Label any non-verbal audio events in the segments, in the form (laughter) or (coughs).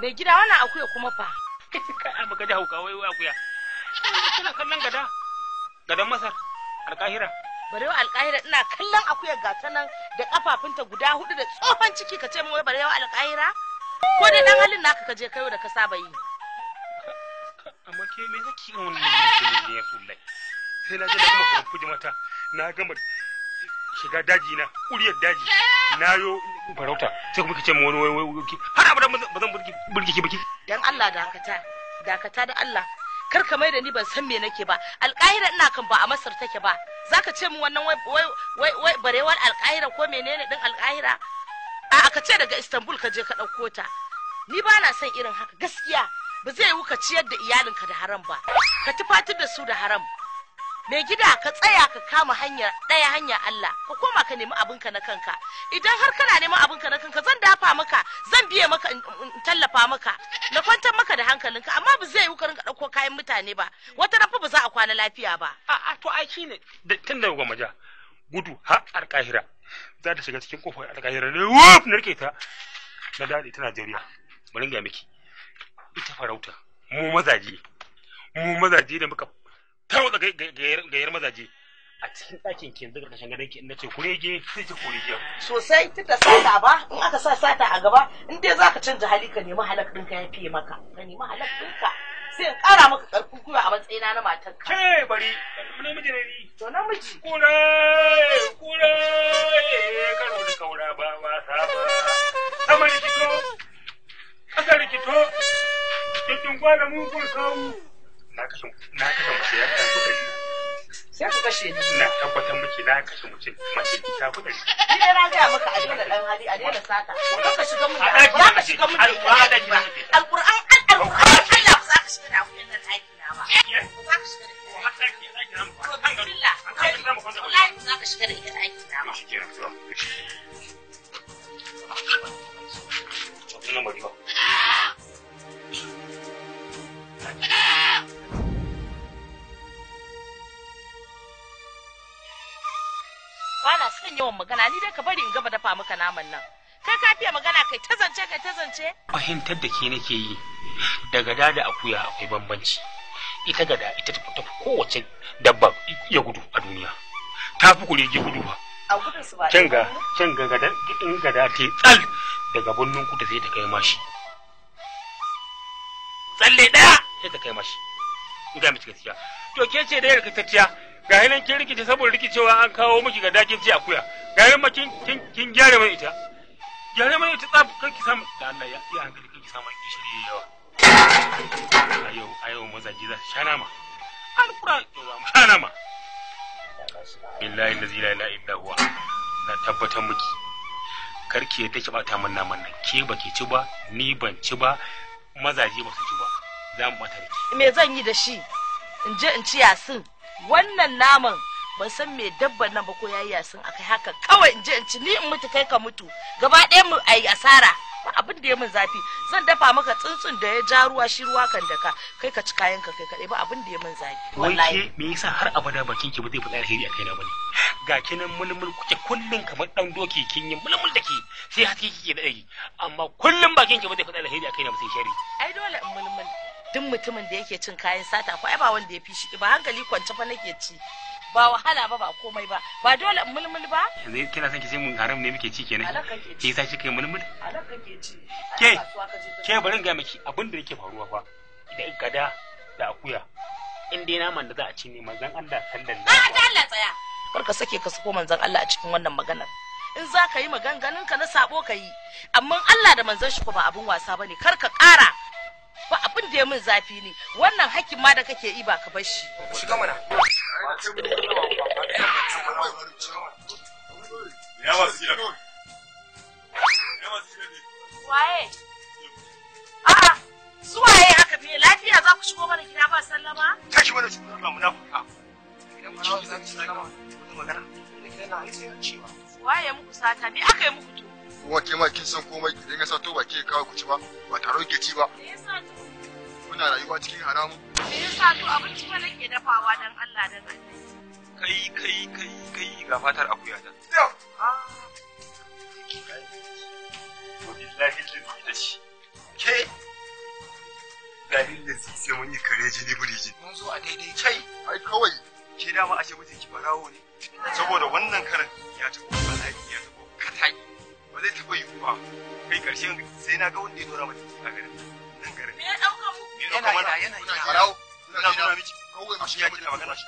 Mai gida wannan akuya kuma fa. Kai baka ji hauka wai akuya. Kana kallon gada. Gadan Masar, Alkahira. Barewa Alkahira ina kallon akuyar gata nan da kafafunta guda hudu da tsohon ciki ka ce min bare Barewa Alkahira? Ko dai dan halin naka ka je kai da ka saba yi. Amma ke me kake yin wannan ne ya sullai? Sai na ji da kuma kuji mata na gama shiga daji na kuriyar daji na yo farauta sai kuma kace mu wani wani har ba zan burge ki ki dan Allah dakata dakata da Allah kar ka mai da ni ban san me nake ba alƙahira ina kan ba a masar take ba zaka ce min wannan wai wai wai barewar alƙahira ko menene din alƙahira a aka ce daga istanbul ka je ka dauko ta ni ba na son irin haka gaskiya ba zai wuka ciyar da iyalinka da haram ba ka tufatar da su da haram mai gida ka tsaya ka kama hanyar ɗaya hanya Allah ka koma ka nemi abinka na kanka idan har kana neman abinka na kanka zan dafa maka zan biye maka in tallafa maka na kwantar maka da hankalinka amma ba zai yi ka ɗauko kayan mutane ba wata rafa ba za a kwana lafiya ba a a to ai shine da tun da goma ja gudu har alƙahira za ta shiga cikin kofar alƙahira ne wuf narke ta na dade ta Najeriya bari ga miki ita farauta mu mazaje mu mazaje da muka ga 'yar mazaje a cikin ɗakin ke yanzu ƙarƙashin gadon ki in nace kurege sai ki kurege sosai tunda sata ba in aka sa sata a gaba in dai zaka canza hali ka nemi halak ɗinka ya fiye maka ka nemi halak ɗinka sai in ƙara maka ƙarfin gwiwa a matsayina na matar ka ke bari namiji ne ni to namiji kura kura karo da kaura ba wasa ba sama rikito ƙasa rikito cikin gwada mugun sawu na kashe na kashe ya sai kashe ni na tabbatar miki na kashe mace mace ta kuɗi ni dai na ga maka a daina dan hali a daina sata ka ka shiga mun da ba ka shiga mun da alquran alquran Allah ba za ka shiga da kuɗin nan taki na ba ba za ka shiga da Wallahi ba za ka shiga da ita aiki na ba. ba na son yawan magana ni dai ka bari in gaba dafa maka naman nan kai ka fiye magana kai ta zance kai ta zance fahimtar da ke nake yi da gada da akuya akwai bambanci ita gada ita ta kowace dabba ya gudu a duniya ta fi kurege gudu ba can ga can ga gada in gada ta tsal daga bunnun ku ta sai ta kai mashi tsalle daya sai ta kai mashi in ga miki gaskiya to ke ce da yarkatacciya ga nan kin rikice saboda rikicewa an kawo miki ga dakin ci akuya ga nan makin kin gyara mai ita gyara mai ita tsaf kan ki samu da Allah ya yi hankali kan ki samu gishiri yawa ayo ayo mazaji za sha nama alquran to ba sha nama billahi allazi la ilaha illa huwa na tabbatar miki karki ya take bata min naman nan ke baki ci ba ni ban ci ba mazaje ba su ci ba za mu bata me zan yi da shi in je in ci yasin wannan naman ban san me dabban nan ba ko yayi yasin akai haka kawai in je in ci ni in mutu kai ka mutu gaba ɗaya mu ayi asara ba abin da ya min zafi zan dafa maka tsuntsun da ya ja ruwa shi ruwa kan da ka kai ka ci kayan ka kai kaɗai ba abin da ya min zafi wallahi ke me yasa har abada bakin ki ba zai fada alheri a kaina bane ga kinan mulmul kuke kullun kamar dan doki kin yi mulmul da ke sai haske kike da ɗari amma kullun bakin ki ba zai fada alheri a kaina ba sai shari ai dole in mulmul duk mutumin da yake cin kayan sata ko ba wanda ya fi shi ba hankali kwance fa nake ci ba wahala ba ba komai ba ba dole mulmul ba yanzu kina san ki sai mun haram ne muke ci kenan ki yasa shi kai mulmul alaka ke ci ke ke bari ga miki abin da yake faruwa fa idan gada da akuya in dai naman da za a ci ne manzon Allah sallallahu alaihi wasallam ah, Allah tsaya kar ka sake ka sako manzon Allah a cikin wannan maganar in za ka yi maganganun ka na sabo ka yi amma Allah da manzon shi ba abin wasa bane kar ka kara ba abin da ya min zafi ne wannan hakkin ma da kake yi ba ka bar shi shiga mana waye a'a suwaye haka me lafiya za ku shigo mana gida ba sallama tashi mana shigo na munafuka idan ba za ku sallama ku magana ne kana yi cewa waye muku sata me aka yi muku to kuma ke ma kin san komai idan ya sato ba ke kawo ku ci ba ba taro ke ci ba kuna rayuwa cikin haramu me yasa to abinci ba nake dafawa dan Allah dan kai kai kai kai ga fatar akuya ta ah. lahin lizi da shi ke lahin lizi sai mun yi kare jini ji mun zo a daidai kai ai kawai ke dama ashe mutum ki barawo ne saboda wannan karan ya tafi bala'i ya tafi katai ba zai taɓa yiwuwa kai ƙarshen sai na ga wanda ya dora mata a garin nan garin me ya yana yana yana yana ya kila magana shi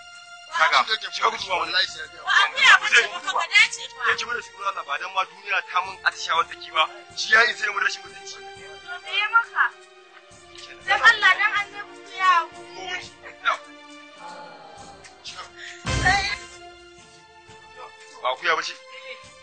kaga shi zuwa ya ba ya ci mana Allah ba dan ma duniya ta mun atishawar take ba shi ya mu rashin mutunci to ya maka dan Allah dan ya ku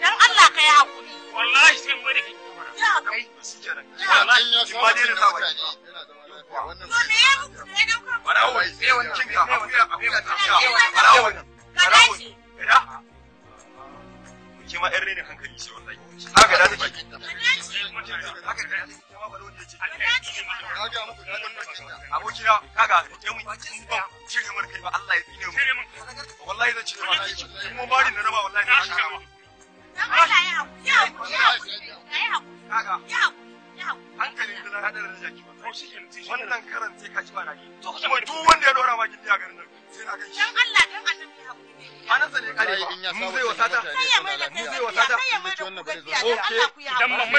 Dan Allah ka yi Wallahi sai mu da Ya kai. Shikenan. Wallahi ya da wallahi. da ba na wallahi na wannan karan sai ka ci ba mu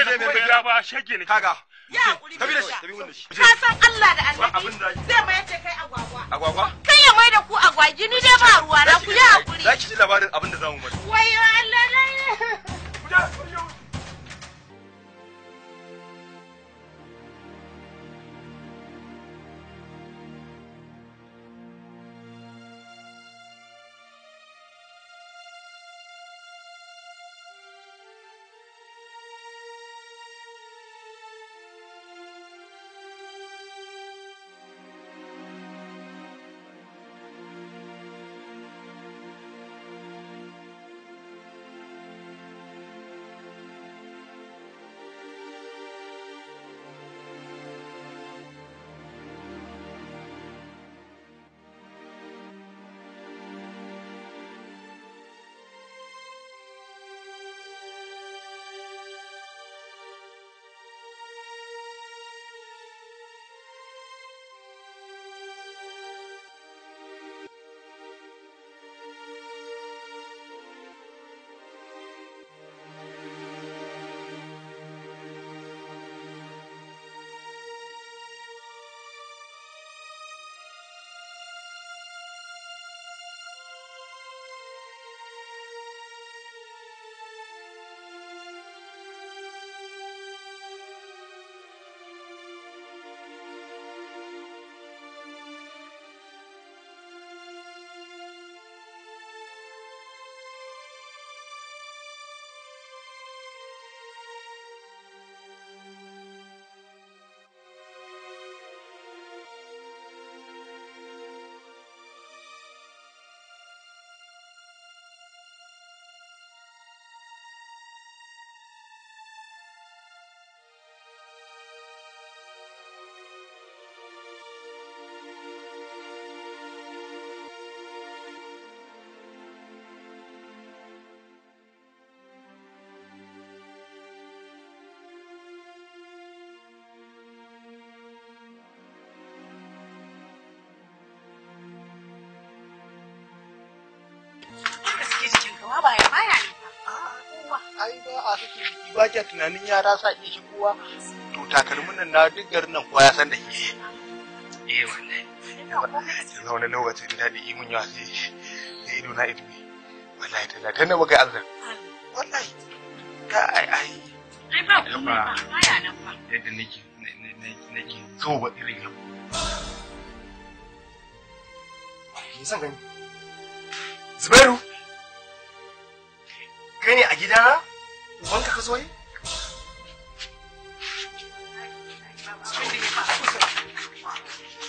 zai mai da ba shege ne kaga ya hakuri ka san Allah da annabi zai mai yace kai agwagwa agwagwa kai ya mai da ku agwagi ni dai ba ruwa na ku ya hakuri zaki ji labarin abin da zamu mai wayo Allah na ku ai ba a jiki ba kya tunanin yara sa iya kowa to takalmin nan nan kowa ya san daɗi eh, imun gidana ubanka ka zo yi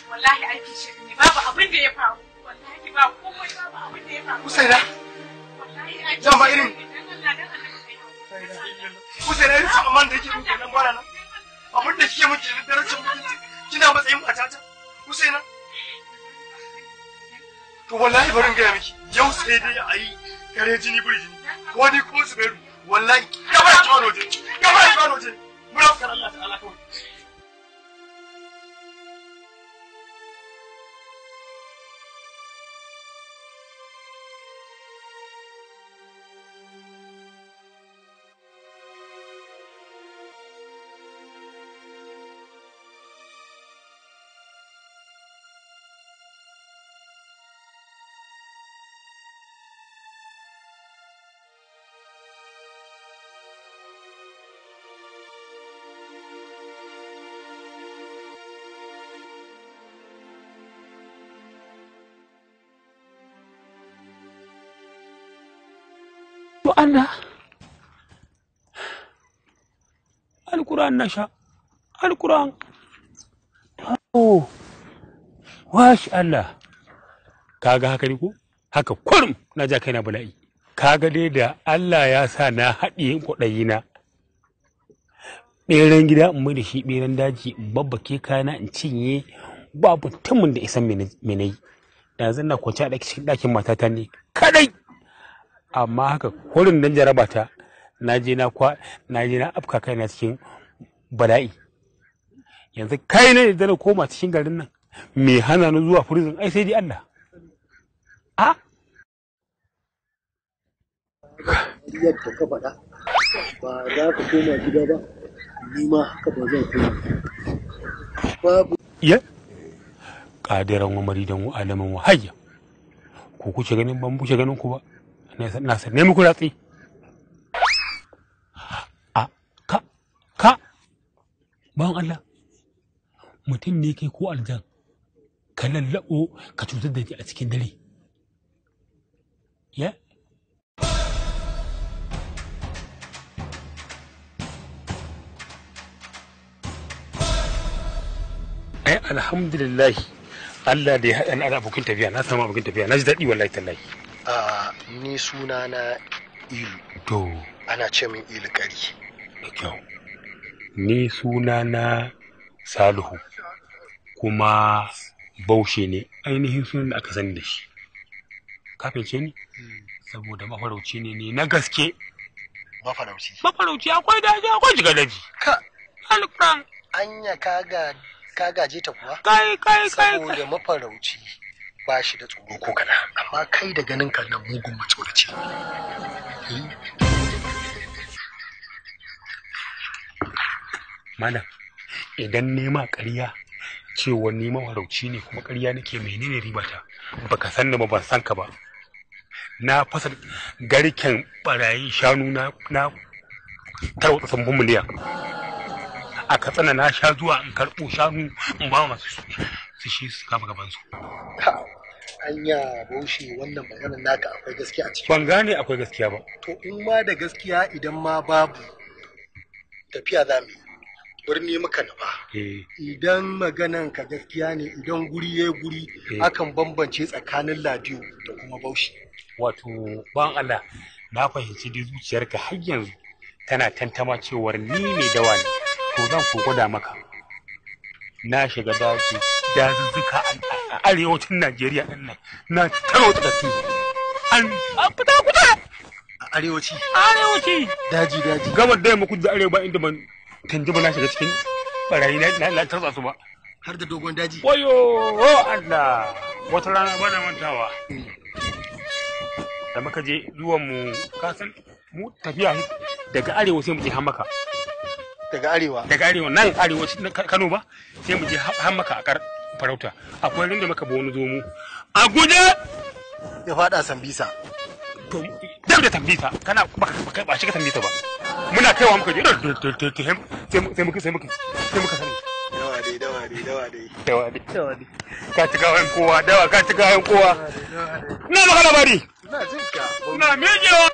wallahi aiki shi ne babu abin da ya faru wallahi ba komai babu abin da ya faru Usaina wallahi zan ba irin Usaina irin tsamman da yake muke nan gwara nan abin da kike muke da darajar mutunci kina matsayin matata Usaina to wallahi barin gaya miki yau sai dai a yi kare jini buri ko ni ko zubairu wallahi gaba ya ci wani waje gaba ya ci wani waje muna fukar Allah ta'ala Alƙuran na sha Alƙuran. wa washi Allah kaga haka ne ko haka kurum na ja kaina bala'i kaga dai da Allah ya sa na haɗiye kwaɗayi na ɓeren gida in mai da shi ɓeren daji in babbake kayana in cinye babu tumun da isan menene? yanzu na kwanci a cikin ɗakin matata ne kadai amma haka kurin nan jaraba ta na je na kwa na je na afka kaina cikin bala'i yanzu kai ne da na koma cikin garin nan me hana ni zuwa prison ai sai dai Allah a yadda ka faɗa ba za ka koma gida ba ni ma haka ba zan koma babu ya ƙadiran wa maridan wa alaman wa hayya ku kuce ganin ban buce ganin ku ba na sa nemi kuratsi a ka ka bawan Allah mutum ne kai ko aljan ka lallabo ka cutar da ni a cikin dare ya ai alhamdulillah Allah da ya haɗa ni abokin tafiya na sama abokin tafiya na ji daɗi wallahi tallahi ah. ni suna na ilu to ana ce min ilu kari da kyau ni suna na salihu kuma baushe ne ainihin sunan da aka sani da shi kafince ni hmm. saboda mafarauci ne ne na gaske mafarauci mafarauci akwai daji akwai jiga daji ka alƙuran anya kaga kaga je ta kuwa kai kai kai saboda mafarauci ba shi da tsoro ko kaɗan amma kai da ganin ka nan mugun matsoraci malam idan nema ƙarya cewa ni mawarauci ne kuma ƙarya nake menene ribata baka san ni ba ban san ka ba na fasa garken barayin shanu na na tarwata sambun miliya a katsina na sha zuwa in karɓo shanu in ba masu su shi su kama gaban su anya baushe wannan maganar naka akwai gaskiya a ciki ban gane akwai gaskiya ba to in ma da gaskiya idan ma babu tafiya za mu birni muka nufa eh. idan maganan ka gaskiya ne idan guri ya guri eh. akan bambance tsakanin ladiyo da kuma bauchi wato ban Allah na fahimci dai zuciyarka har yanzu tana tantama cewar ni ne dawa ne to zan kogoda gwada maka na shiga daji dazuzzuka a arewacin najeriya ɗin nan na tarwata da su an fita kuta a arewaci arewaci daji daji gabar da yamma kudu arewa inda ban tanji ba na shiga cikin barayi na tarwata su ba har da dogon daji wayo allah wata rana bana mantawa da muka je zuwan mu kasan mu tafiya daga arewa sai mu je hamaka daga arewa daga arewa nan arewa Kano ba sai mu je har maka akar farauta akwai rinda maka ba wani zomo a guje ya fada sambisa to da da tambisa kana ba kai ba shi ka ba muna kaiwa muka je sai muka sai muka sai muka sani dawa dai dawa dai dawa dai dawa dai dawa dai ka ci gawan kowa dawa ka ci gawan kowa na maka labari na jinka na mijewa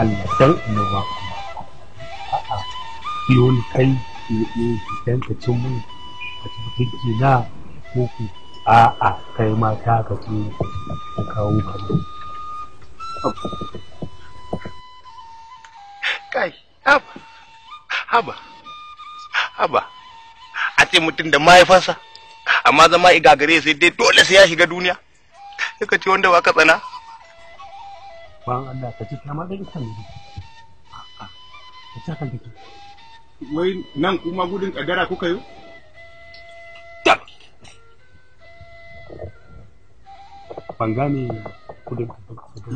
Allah dan annabawa a'a ki wani kai ne dan ka cin mun a cikin na ko ku a'a kai ma ta ka ci ka kawo ka kai haba haba haba a ce mutum da mahaifarsa amma zama igagare sai dai dole sai ya shiga duniya ka ce wanda ba ka tsana ban Allah ka ci ta ma ɗan kan yi a ka ci kan take wai nan kuma gudun kadara kuka yi tab ban gane gudun kadara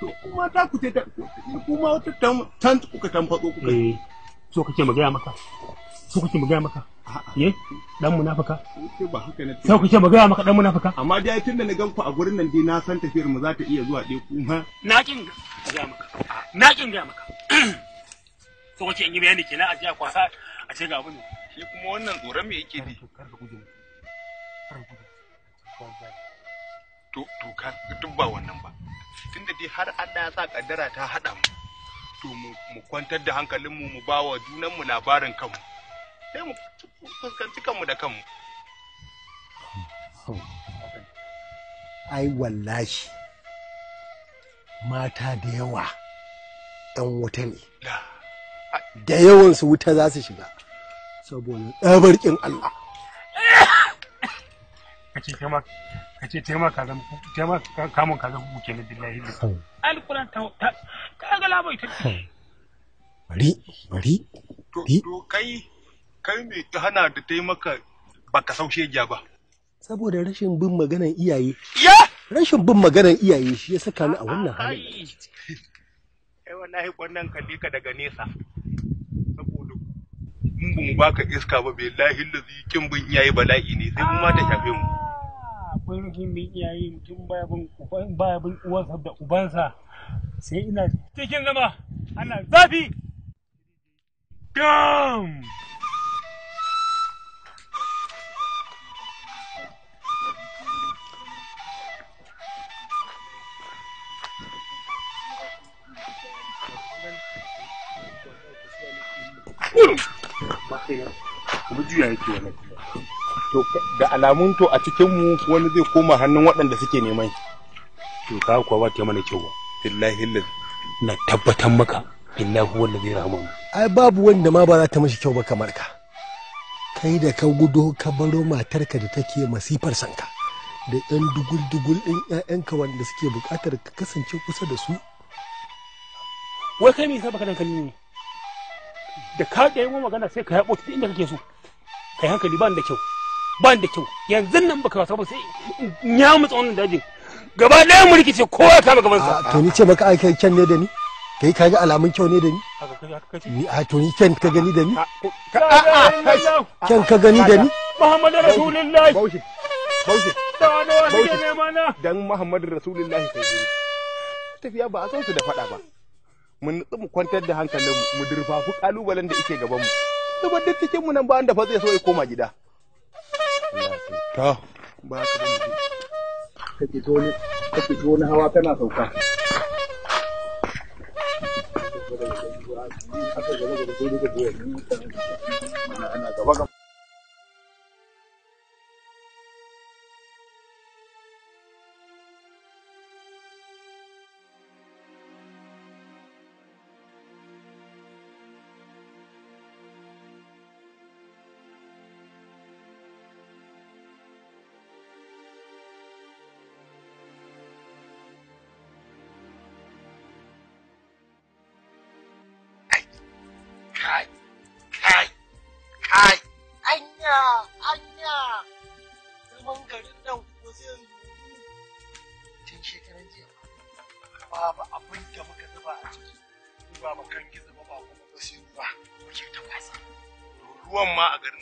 to kuma ta ku ta kuma wata tan kuka tamfaɗo kuka yi eh, so kake magaya maka so kake magaya maka dan munafika sai ku ce magana maka dan munafika amma da yayin tunda na gan ku a gurin nan dai na san tafiyar mu za ta iya zuwa dai kuma na kin ga maka na kin ga maka to (clears throat) ce in yi bayani kenan a jiya kwasa a ce ga abin shi kuma wannan tsoron me yake bi to to ka dubba wannan ba tunda dai har Allah ya sa kaddara ta hada mu to mu kwantar da hankalinmu mu bawa junanmu labarin kanmu sai mu fuskanci kanmu da kanmu ai wallahi mata da yawa ɗan wuta ne da yawansu wuta za su shiga saboda ɗabarkin Allah kace taimaka kace taimaka ka zama tema kamun ka zama buke ne billahi alquran ta ta ga labai ta bari bari to kai kai me ta hana da ta yi maka baka saushe ja ba saboda rashin bin maganar iyaye ya rashin bin maganar iyaye shi ya saka ni a wannan hali ai wallahi wannan ka ka daga nesa saboda mun bu mu baka iska ba billahi lazi kin bin iyaye bala'i ne sai kuma ta shafe mu akwai rashin bin iyaye mutum baya bin baya bin uwansa da ubansa sai ina cikin zama ana zafi Damn! kuma juya yake wani to da alamun to a cikin mu wani zai koma hannun waɗanda suke neman to ka kuwa ba ta mana kyau billahi na tabbatar maka billahi wanda zai rahama ai babu wanda ma ba za ta mishi kyau ba kamar ka kai da ka gudo ka baro matarka da take masifar sanka da yan dugul dugul din ƴaƴanka wanda suke buƙatar ka kasance kusa da su wai kai me yasa baka dan kalli ne da ka da yin magana sai ka haɓo ta inda kake so ka yi hankali ban da kyau ban da kyau yanzu nan baka wasa ba sai in ya mutsa wannan dajin gaba ɗaya mu rikice ko ya kama gaban sa to ni ce maka a kai kyan ne da ni kai ka ga alamun kyau ne da ni ni a to ni kyan ka gani da ni kyan ka gani da ni Muhammad Rasulullahi Bauchi Bauchi dan Muhammad Rasulullahi sai tafiya ba a san su da faɗa ba mu nutsu mu kwantar da hankalin mu mu durfafi kalubalen da ike gaban mu saboda duk cikin mu nan ba da fa zai so ya koma gida ta ba ka ban mu kake zo ne kake zo ne hawa kana sauka ana gaba ga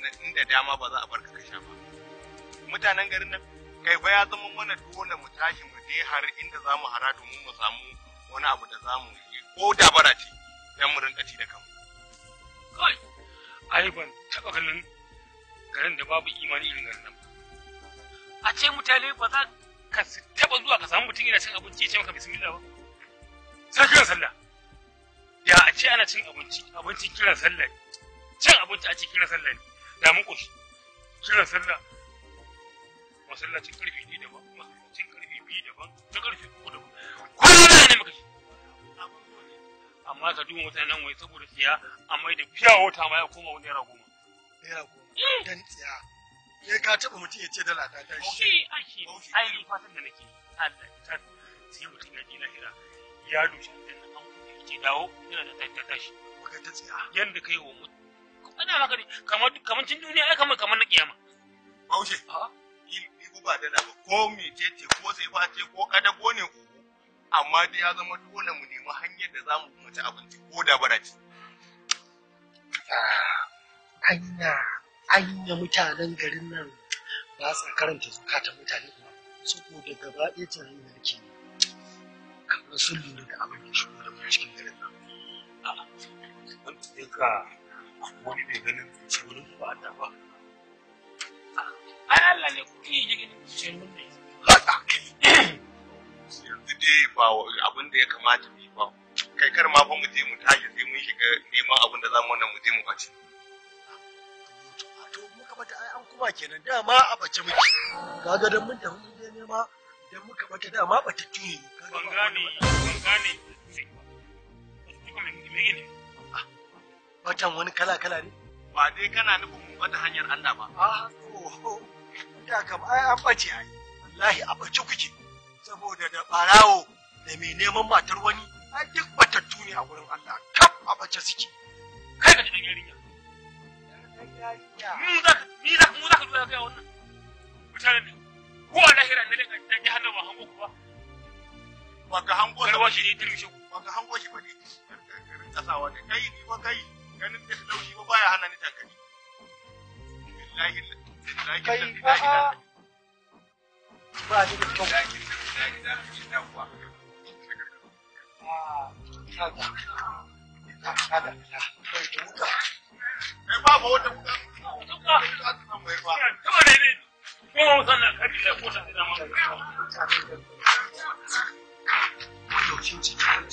nan inda dama ba za a barka ka sha ba mutanen garin nan kai ba ya zama mana dole mu tashi mu je har inda za mu hara domin mu samu wani abu da za mu yi ko da bara ce don mu rinka ci da kanmu. Kai, ai ban taɓa ganin garin da babu imani irin garin nan ba. A ce mutane ba za ka taɓa zuwa ka samu mutum yana cin abinci ya ce maka bismillah ba. Sai kiran sallah. Ya a ce ana cin abinci, abincin kiran sallah. Cin abinci a cikin kiran sallah ne. da muku kusu shirin sallah masallacin karfe ne daban masallacin karfe biyu daban na karfe uku daban kullum ne muka shi amma ka duba mutanen wai saboda tsiya amma da fiya wata ma ya koma wani naira goma naira goma dan tsiya ya ka taba mutum ya ce dala ta tashi shi ashi ai ni fatan da nake Allah ta sai mutum ya ji hira. ya dushi dan an ce dawo yana da ta tashi baka ta tsiya yanda kai wa mutum ana maka kamar kamar cin duniya ai kamar kamar na kiyama baushe ku ba da ba ko mece ce ko sai ba ce ko kadago ne ko amma dai ya zama dole mu nemi hanyar da zamu mu ci abinci ko da bara ci ah, anya anya mutanen garin nan ba sa karanta zukatan mutane ba saboda gaba ɗaya hanyar da ke kamar sun lura da abin da shigo da cikin garin nan a'a Kuma wani bai ganin ce wani ba da ba ai Allah ne kuɗi ya gani ce wani haka yanzu dai ba abin da ya kamata mu yi ba kai kar ma fa mu je mu tashi sai mun shiga neman abin da za mu wannan mu je mu bace to muka bata ai an kuma kenan dama a bace muke kaga dan mun tafi mun je nema dan muka bata dama bata tuye ban gane ban gane me ne watan wani kala-kala ne? Ba dai kana nufin wata hanyar Allah ba. Ah, to, da kam ai an bace ai. Wallahi a bace kuke. Saboda da barawo da mai neman matar wani, a duk batattu ne a wurin Allah. kam a bace suke. Kai ka ji dan yarinya. Mu za ka ni za mu za ka duba ga wannan. Mutanen ne. Ko a lahira ne da ba hango ku ba. Ba ka hango shi ne dirshi. Ba ka hango shi ba ne. Kasawa da kai ni ba kai. ganin da laushi ba baya hana ni tankani billahi billahi kai ba ni da kyau ba da cikin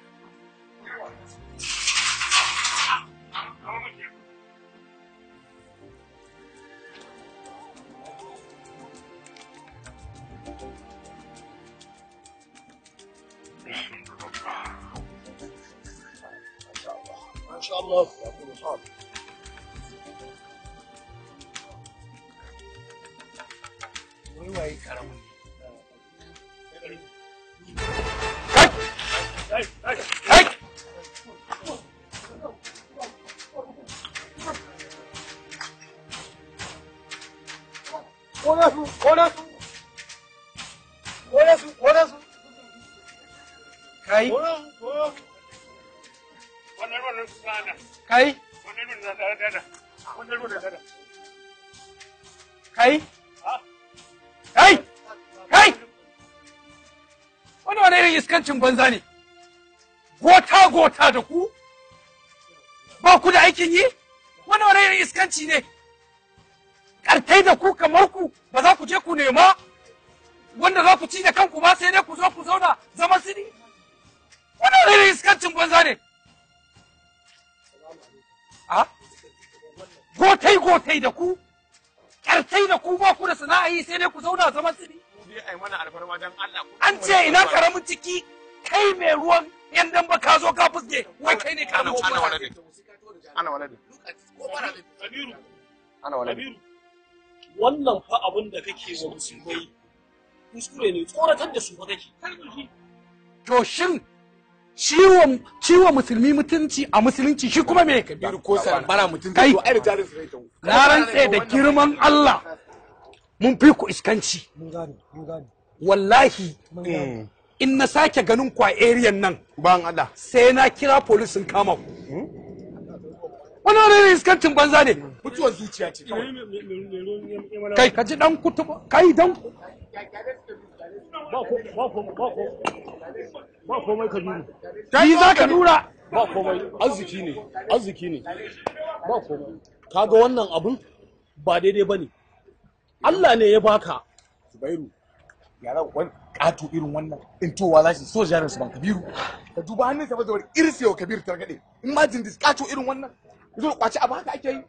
maşallah. Ya bunu sal. iskancin banza ne gota gota da ku ba ku da aikin yi wani wani irin iskanci ne Ƙartai da ku kamar ku ba za ku je ku nema wanda za ku ci da kanku ba sai dai ku zo ku zauna zama sini wani wani irin iskancin banza ne a gotai gotai da ku ƙartai da ku ba ku da sana'a yi sai dai ku zauna zama sini dai ai mana alfarma dan Allah an ce ina karamin ciki kai mai ruwan yan dan ba ka zo ka fuske wai kai ne karamin ana walade ana walade kabiru ana walade wannan fa abin da kake wa musulmai kuskure ne tsoratar da su fa kake to shin ciwon ciwo musulmi mutunci a musulunci shi kuma me kabiru ko sai bara mutunci to ai da jarin sai ta na rantsa da girman Allah mun fi ku iskanci wallahi in na sake ganin ku a nan sai na kira police sun kama ku Wani wani iskancin banza ne mutuwar zuciya ce kai ka ji dan kutu kai dan ba komai ka nuna kai za ka nuna ba komai arziki ne arziki ne ba komai kaga wannan abun ba daidai bane Allah ne ya baka Zubairu yara wani ƙato irin wannan in towa za shi so jarin su ban Kabiru ka duba hannun sa bazawar irse wa Kabiru targaɗe jin dis ƙato irin wannan zo kwaci abu haka ake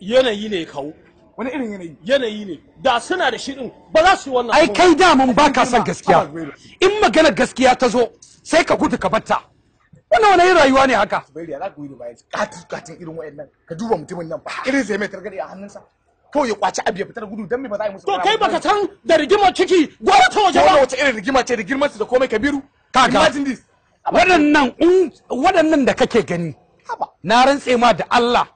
yi yanayi ne kawo wani irin yanayi yanayi ne da suna da shi din ba za su yi wannan ai kai da mun baka son gaskiya in maganar gaskiya ta zo sai ka gudu ka batta wannan wani rayuwa ne haka Zubairu yara ku yi da bayan katin irin wayannan ka duba mutumin nan ba irin sai mai targaɗe a hannunsa kawai ya kwaci abu ya fita da gudu dan me ba za a yi musu to kai baka san da rigimar ciki gwara ta waje ba wace irin rigima ce rigimar su da komai kabiru kaga imagine this waɗannan da kake gani na rantse ma da Allah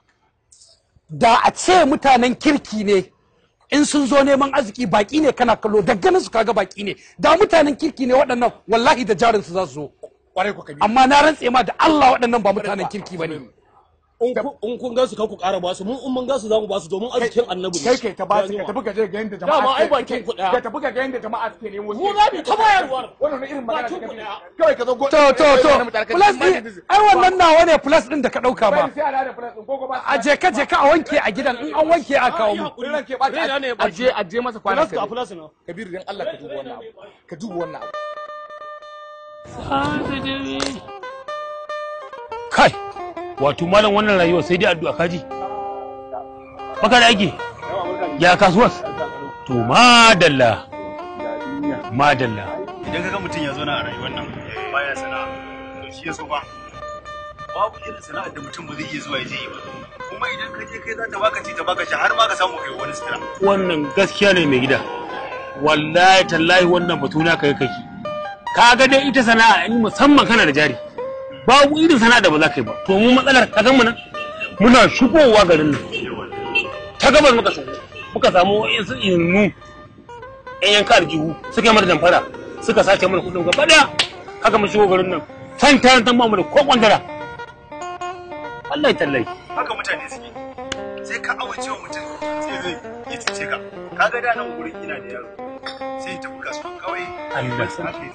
da a ce mutanen kirki ne in sun zo neman arziki baki ne kana kallo da ganin su kaga baki ne da mutanen kirki ne waɗannan wallahi da jarin su za su zo amma na rantse ma da Allah waɗannan ba mutanen kirki bane in kun gasu kan ku ƙara ba su mun in mun gasu za mu ba su domin arzikin annabi ne kai kai ta ba su ka tafi ka je ga yanda jama'a ba ai bakin ku daya ka tafi ka ga yanda jama'a suke ne mu za mu ta bayarwar wannan irin magana bakin kai ka zo go to to to plus din ai wannan nawa ne plus din da ka dauka ba a je ka je ka a wanke a gidan in an wanke a kawo mu a je a je masa kwana ka plus kabir dan Allah ka dubo wannan ka dubo wannan abu kai wato malam wannan rayuwa sai dai addu'a kaji baka da ake ya kasuwar to madalla madalla idan kaga mutum ya zo na a rayuwar nan baya sana'a to shi ya ba babu irin sana'ar da mutum ba zai iya zuwa ya je yi ba kuma idan ka je kai za ta baka ci ta baka sha har ma ka samu kai wani sutura wannan gaskiya ne mai gida wallahi tallahi wannan batuna kai kai kake ka ga dai ita sana'a in musamman kana da jari babu irin sana da ba za ka yi ba to mu matsalar ka gan mu nan muna shigowa garin nan ta gabas muka shigo muka samu wa'insu ilmu yan yanka arjihu suka yi mana damfara suka sace mana kudin gaba daya haka mu shigo garin nan san ta tan ba mu da ko Allah wallahi tallahi haka mutane suke sai ka amince wa mutum sai zai yi cice ka ga da nan gurin ina da yaro sai ta buga su kawai Allah sarki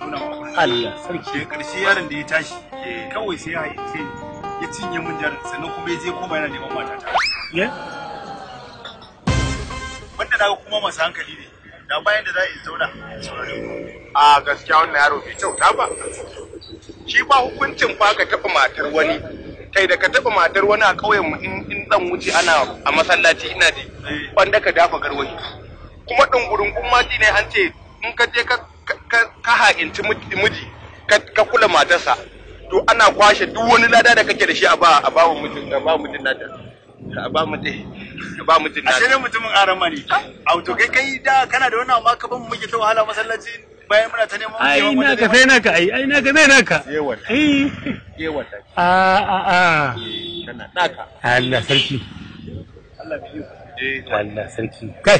Allah sarki karshe yaron da ya tashi eh kawai sai ya haife ni ya cinye min jarin sannan kuma ya je koma yana neman matata ne wanda daga kuma masu hankali ne da bayan da za a zauna a gaskiya wannan yaro bai kyauta ba shi ba hukuncin fa ka taɓa matar wani kai da ka taɓa matar wani a ƙauyenmu in zan wuce ana a masallaci ina ji wanda eh. ka dafa garwashi kuma ɗungurin kuma ne an ce in ka je ka ha'inci miji ka kula matarsa to ana kwashe duk wani lada da kake da shi a ba a ba mutum a ba mutum lada a ba mutum a ba mutum lada ashe ne mutumin arama a to kai kai da kana da wannan amma ka ban muke ta wahala masallaci bayan muna ta neman ai ina ka sai naka ai ai naka sai naka yewa eh a a a kana naka Allah sarki Allah biyu eh Allah sarki kai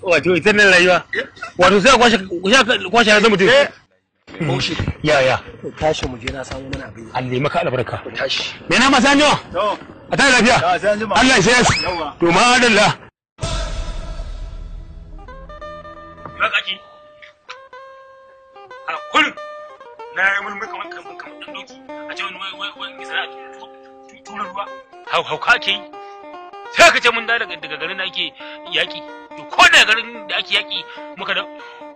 wato ita ne rayuwa wato sai kwashe kwashe na mutum Bauchi. (laughs) Ya ya. Tashi mu je na samu mana abin. Allah maka albarka. Tashi. Me na masa ne? To. A tare lafiya. Allah ya sayar. To ma Allah. A na yi mulmul kamar kamar kamar dan doki. A ce wani wani wani ruwa. Hau hau yi. Sai ka ce mun da daga garin da ake yaki. Ko daga garin da ake yaki muka da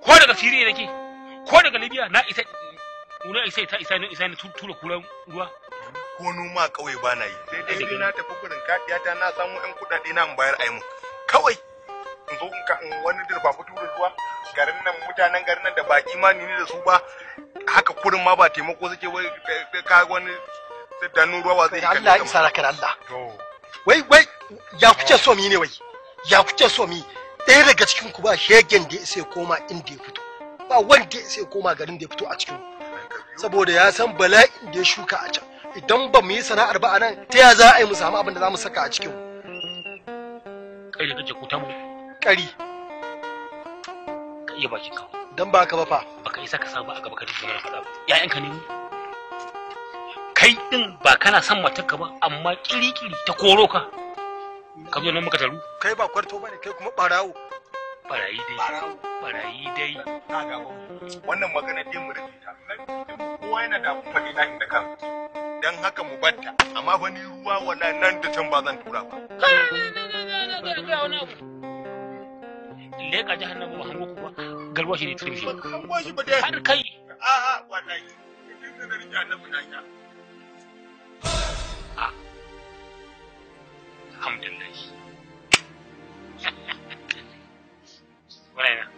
ko daga nake. ko daga libya na isa na isa ta isa ne isa ne tura kuran ruwa ko noma kawai ba na yi sai dai na tafi gurin ta na samu yan kudade na bayar ai mu kawai in zo in ka wani dirba fito ruwa garin nan mutanen garin nan da ba imani ne da su ba haka kurin ma ba taimako suke wai ka wani dannu ruwa zai Allah ya isa raka Allah wai wai ya kuce so mi ne wai ya kuce so mi ɗaya daga cikin ku ba shegen da ya sai koma inda ya fito ba wanda sai koma garin da ya fito a cikin saboda ya san bala'in da ya shuka a can idan ba mu yi sana'ar ba a nan ta ya za a yi mu samu abin da za mu saka a cikin Kari. da ku mu kari ka iya baki kawo dan ba ka ba fa baka isa ka sa ba a gaba ka da faɗa ba ka ne kai din ba kana son matarka ba amma kirikiri ta koro ka ka zo nan muka taru kai ba kwarto bane kai kuma barawo barayi dai barawo barayi dai ka ga wannan magana din mu rufe ta kowa yana da faɗi nashi da kan dan haka mu batta amma fa ni ruwa wala nan da can ba zan tura ba leka jahannamu ba hango kuwa shi ne tsirin shi garwashi ba dai har kai a a wallahi kin da rike annabi na ya ah. alhamdulillah Bueno. (laughs)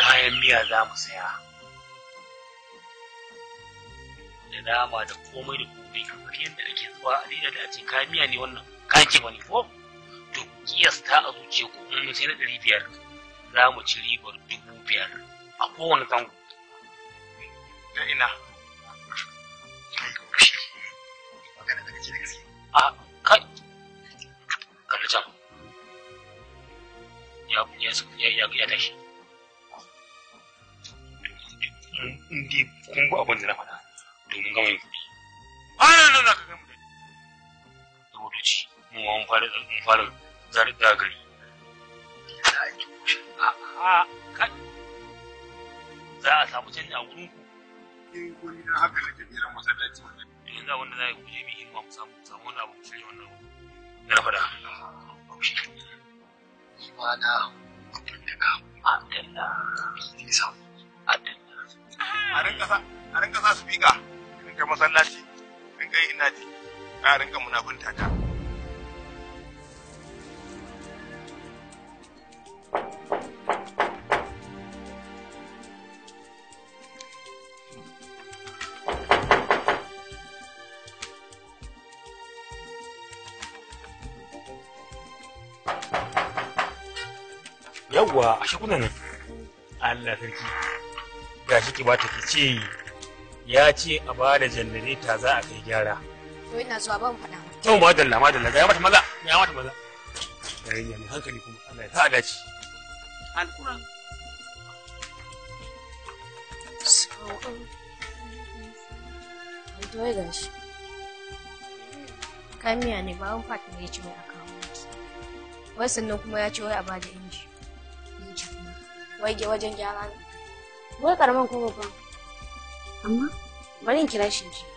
kayan miya za mu saya da nama da komai da komai kamar yadda ake zuwa a da da ce kayan miya ne wannan kayan ke bane ko to kiyasta a zuciya ko in sai na ɗari biyar za mu ci ribar dubu biyar a kowane zango da ina a kai can ya ya ya tashi in dai abin da na faɗa domin gama yin kuɗi. Ana nan za ka da da wuduci mu fara mun fara zari da gari. za a samu canji a gurin ku. ko za wanda za yi kuje mu samu abu wannan Na a rinka sa a rinka sa su a rinka masallaci rinka yi ina ji a rinka munafunta ta yawwa a shakunan Allah sarki ga shi ki bata ki ce ya ce a ba da janareta za a kai gyara to ina zuwa ban faɗa mata to madalla madalla ga mata maza ga mata maza yarinya ne hankali kuma Allah ya sa dace alquran sau'an ga shi. Kamiya ne ba wani fatin ne ya ci mai a kawo miki. Wai sannan kuma ya ce wai a ba da inji. Inji. Wai wajen gyara ne. wai karaman ko babban amma bari in kira shi ji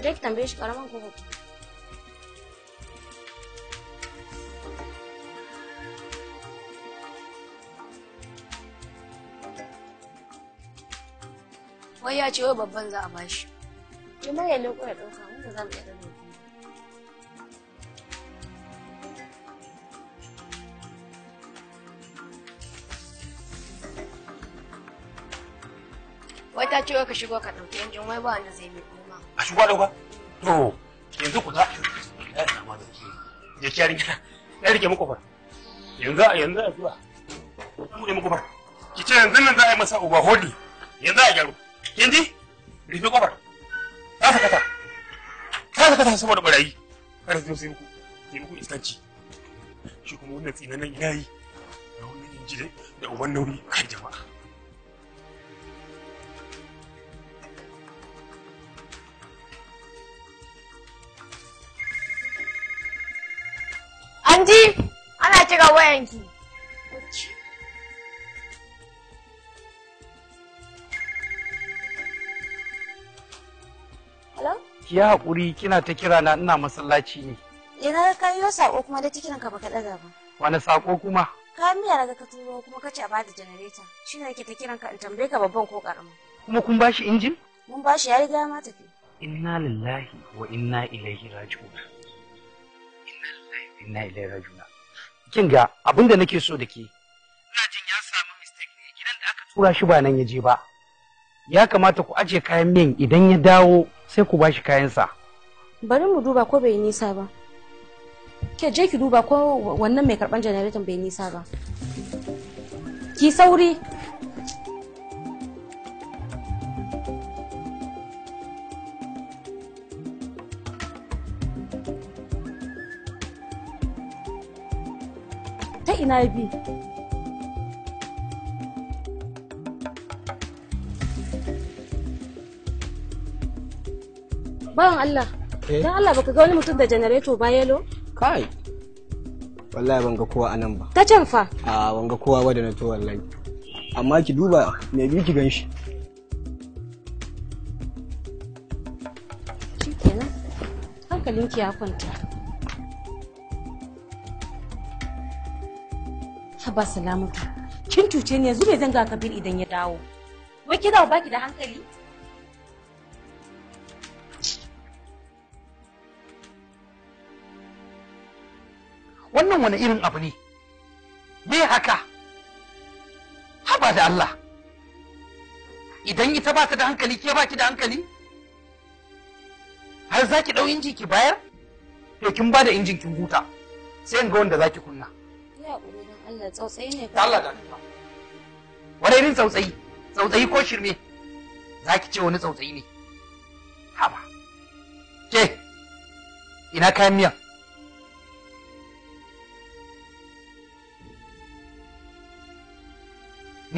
Direkt tambaye shi karaman ko babban wai ya ce wai babban za a bashi jama'a ya leko ya dauka wanda za mu iya ɗauka wai ta ce wai ka shigo ka ɗauki injin wai ba wanda zai mai koma. A shigo ɗauka? To, yanzu ku za a yi da kama da ke je ki yari gida. Ya rike muku fa. Yanzu a yanzu a zuwa. ku ne muku fa. Ki ce yanzu nan za a yi masa uba hodi. Yanzu a gyaru. kin ji rufe kofar ta saka ta ta saka ta saboda barayi kada su sai muku sai muku iskanci shi kuma wannan tsinanan ya yi da wannan inji da uban nauyi kai jama'a Anji, ana kira wayanki. ki yi haƙuri kina ta kira na ina masallaci ne. Ina ka yi saƙo kuma da tikiran ka baka ɗaga ba. Wani saƙo kuma? Ka miya daga ka turo kuma ka ce a bada janareta shi ne ke ta kiran ka in tambaye ka babban ko ƙarama. Kuma kun bashi injin? Mun bashi ya riga ma tafi. Inna lillahi wa inna ilaihi raji'un. Inna lillahi wa inna ilaihi raji'un. Kin ga abin da nake so da ke. Ina jin ya samu mistake ne gidan da aka tura shi ba nan ya je ba. Ya kamata ku aje kayan miyan idan ya dawo sai ku bashi kayansa bari mu duba ko bai nisa ba ke je ki duba ko wannan mai karban janareton bai nisa ba ki sauri ta ina bi bawan Allah eh? dan Allah baka ga wani mutum da janareto ba yalo kai wallahi ban ga kowa a nan ba ta can fa a ban ga kowa ba da na to wallahi amma ki duba me bi ki ganshi shikenan hankalinki ya kwanta haba salamatu kin cuce ne yanzu me zan ga kabir idan ya dawo wai ki dawo baki da hankali wannan wani irin abu ne me haka haba da Allah idan ita ba ta da hankali ke ba ki da hankali har za ki ɗau inji ki bayar to kin ba da injin kin huta sai in ga wanda za ki kunna Allah tsautsayi ne Allah da wani irin tsautsayi tsautsayi ko shirme za ki ce wani tsautsayi ne haba ke ina kayan miyan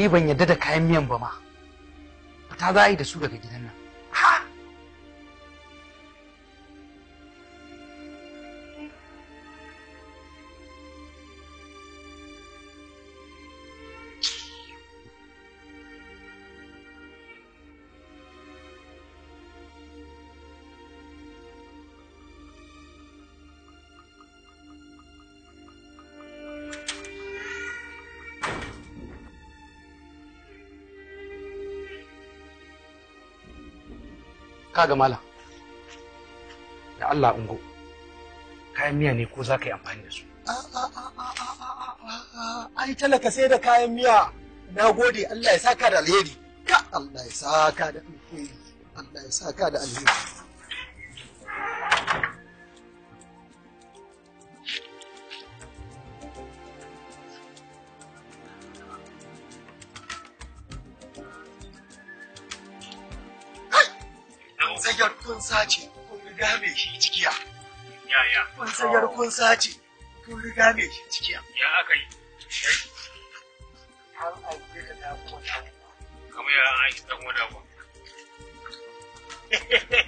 ni ban yarda da kayan miyan ba ma ta za a yi da su daga gidan nan kaga malam da Allah ungo kayan miya ne ko za ka yi amfani da su ai talaka sai da kayan miya na gode Allah ya saka da alheri ka Allah ya saka da alheri Allah ya saka da alheri matsayar kun sace kun riga ne ke ciki ya aka yi ya an yi dan wada ba (laughs)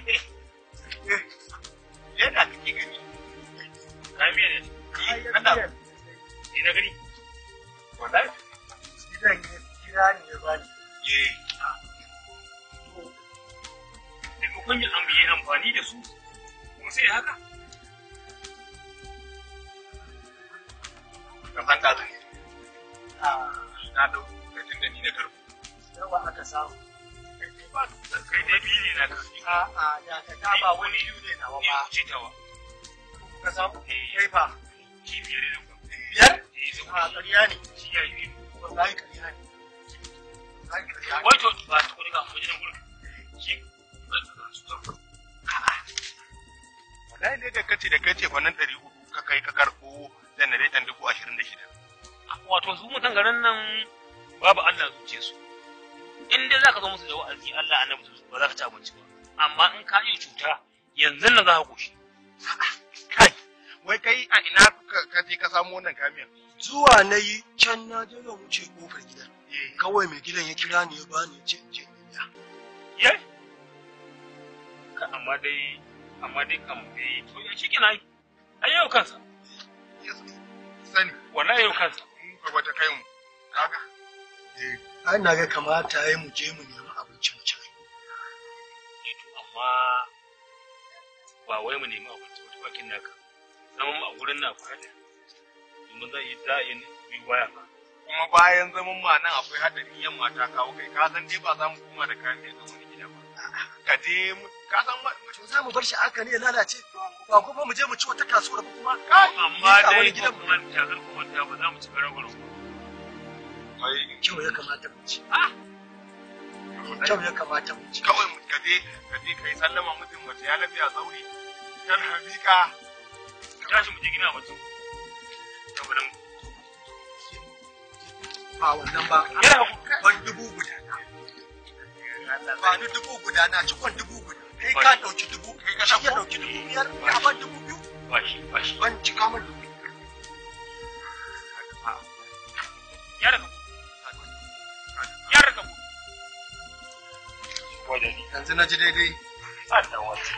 dakata wani yiwu ne tawa. Kai biyar Biyar? ƙarya ne. Shi ƙarya ne. Wai to ba su da kace ka kai ka karɓo dubu ashirin da shida. Wato su nan babu Allah In dai za ka zo musu da wa'azi Allah annabi ba za ka ci abinci ba. amma in ka yi cuta yanzu na za ka goshi kai wai kai a ina ka je ka samu wannan kamiyan zuwa na yi can na je ga wuce kofar gidan eh. kawai mai gidan ya kira ni ya bani ce in je ya ye ka amma dai amma dai kan bai eh, to ya shi kina ai yau kansa sani wallahi yau kansa wata kai mu kaga eh ai na ga kamata ai mu je mu nema amma ba wai mu nemi abinci wata bakin naka zaman a gurin na akwai hadari domin za a yi da'in yi waya ba kuma bayan zaman ma nan akwai hadarin yamma ta kawo kai ka san dai ba za mu koma da kayan daga wani gida ba ka je ka san ma to za mu bar shi haka ne ya lalace ba kuma mu je mu ci wata kasuwar ba kuma amma dai gidan mu ta zan kuma ta ba za mu ci karawar ba kyau ya kamata mu ci ah kyau ya kamata mu ci kawai mu kaje ka je kai sallama mutum mace ya lafiya zauri kan habika ka tashi mu je gina ba wannan ba yana dubu guda ba ni dubu guda na ci kwan dubu guda kai ka dubu kai ka dubu biyar ya dubu biyu ba shi ba shi ban dubu Yanzu na ji daidai. Allah wace.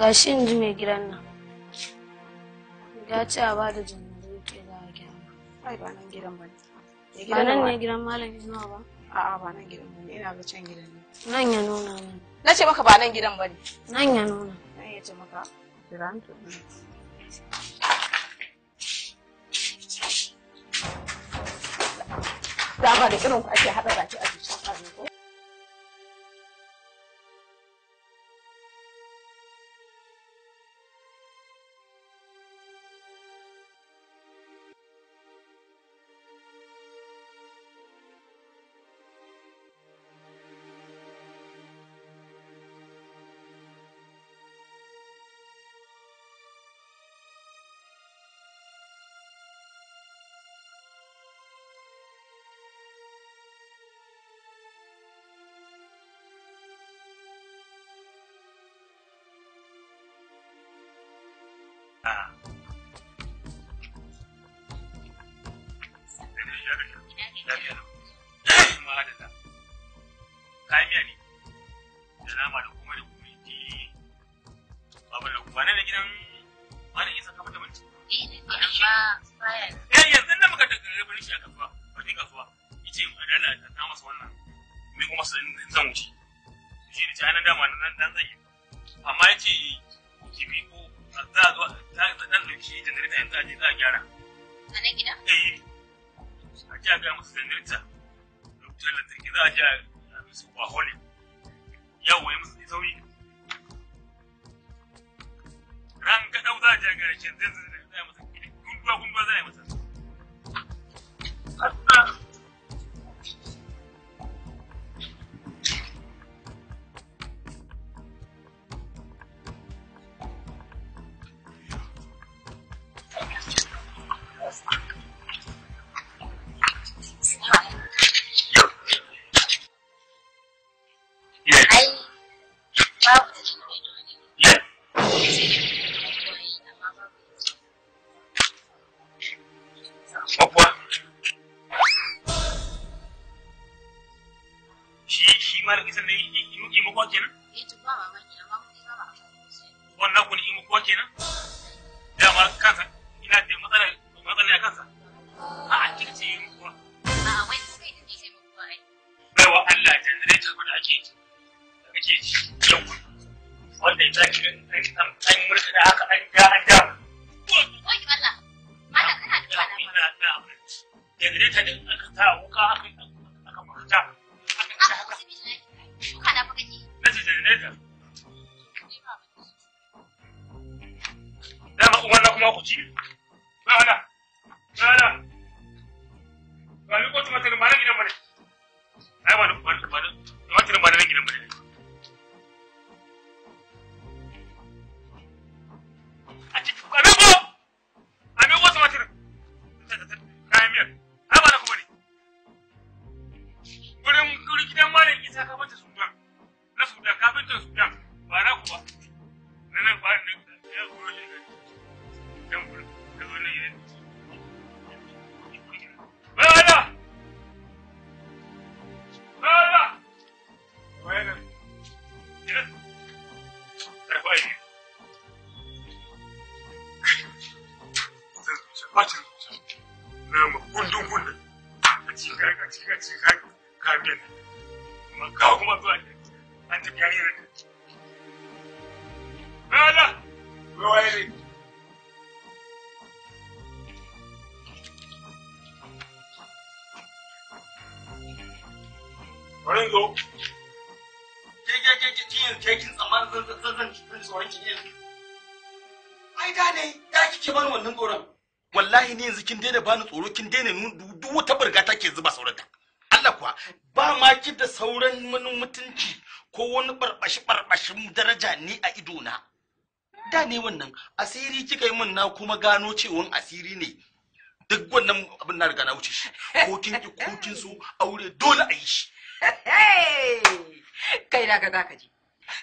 Ga shi ji mai gidan nan. Ya ce a bada da janaru ke za a gyara. Ai ba nan gidan ba ne. Ba nan ne gidan malam Isma ba? A'a ba nan gidan ba ne. Ina ga can gidan ne. Nan ya nuna ne. Na ce maka ba nan gidan ba ne. Nan ya nuna. Nan ya ce maka. Jira Dama da irin ku ake haɗa baki a ああ。Joe. ai babu da jin mai dole shi shi malamin sai ne yi muku kenan zo ke kin tsoron da ne kike bani wannan tsoron wallahi ni yanzu kin daina bani tsoro kin daina nun duk wata burga take zuba saurata. Allah kuwa ba ma ki da sauran wani mutunci ko wani barbashi barbashin daraja ni a ido na da ne wannan asiri kika yi min na kuma gano cewa asiri ne duk wannan abin na riga na wuce shi ko kin ki ko kin so aure dole a yi shi kai da ka ka ji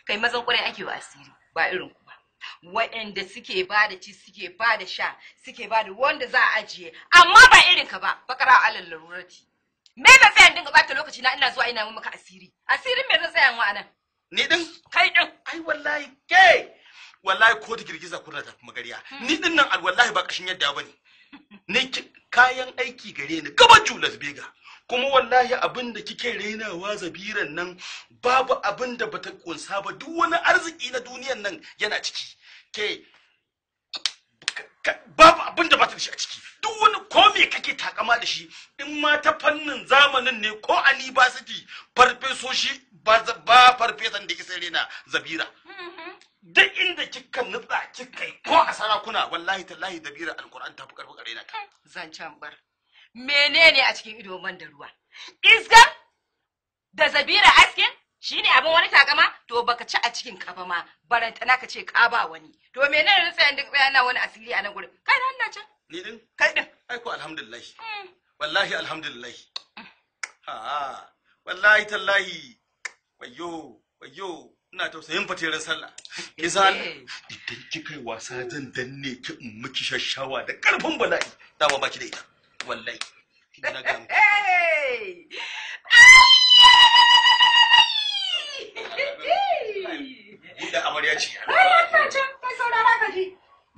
kai mazan ƙwarai ake wa asiri ba irin ku ba waɗanda suke ba da ci suke ba da sha suke ba da wanda za a ajiye amma ba irin ka ba bakara alal larurati me ba sai dinga bata lokaci na ina zuwa ina maka asiri asirin me zan tsaya wa anan ni din kai din ai wallahi ke wallahi ko ta girgiza kuna da magariya hmm. ni din nan wallahi ba kashin yadda bane ni kayan aiki gare ni gaban Julius Bega kuma wallahi abin da kike rainawa zabiran nan babu abin da bata kunsa ba duk wani arziki na duniyan nan yana ciki ke babu abin da bata da shi a ciki duk wani ko kake takama da shi in ma ta fannin zamanin ne ko Ali Basiti, farfesoshi ba farfesan da isa raina zabira duk inda kika nutsa kika ko a sarakuna wallahi tallahi zabira alquran ta fi karfi karena ta zancan bar menene a cikin ido man da ruwa Iska da zabira askin shine abin wani takama to baka ci a cikin ka ba ma barantana ka ce ka ba wani to menene na yanda ka yana wani asiri a nan gurin kai na ce. ni din kai din ai ko alhamdulillah mm. wallahi alhamdulillah ha wallahi tallahi wayo wayo ina tausayin fatirin sallah (laughs) isa eh. idan kika yi wasa zan danne ki in miki shashawa da karfin bala'i dama baki da ita wallahi na ga da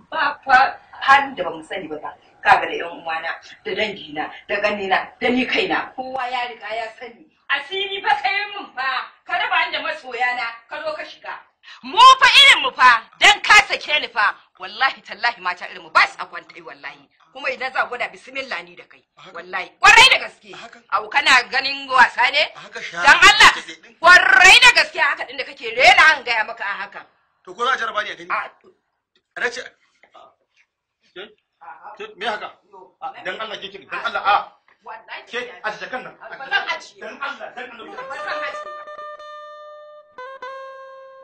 ba fa da bamu sani ba kaga da yan uwana da dangina da ganina da ni kaina kowa ya riga ya sani asiri fa kai mun fa ka raba da masoyana ka zo ka shiga mu fa irin mu fa dan ka sake ni fa wallahi tallahi mata irin mu ba su akwantai wallahi kuma idan za gwada bismillah ni da kai wallahi kwarai da gaske au kana ganin wasa ne dan Allah kwarai da gaske haka din da kake rena an gaya maka a haka to ko za a jarba ni a gani race me haka dan Allah ke dan Allah a ke a jakan nan dan Allah dan Allah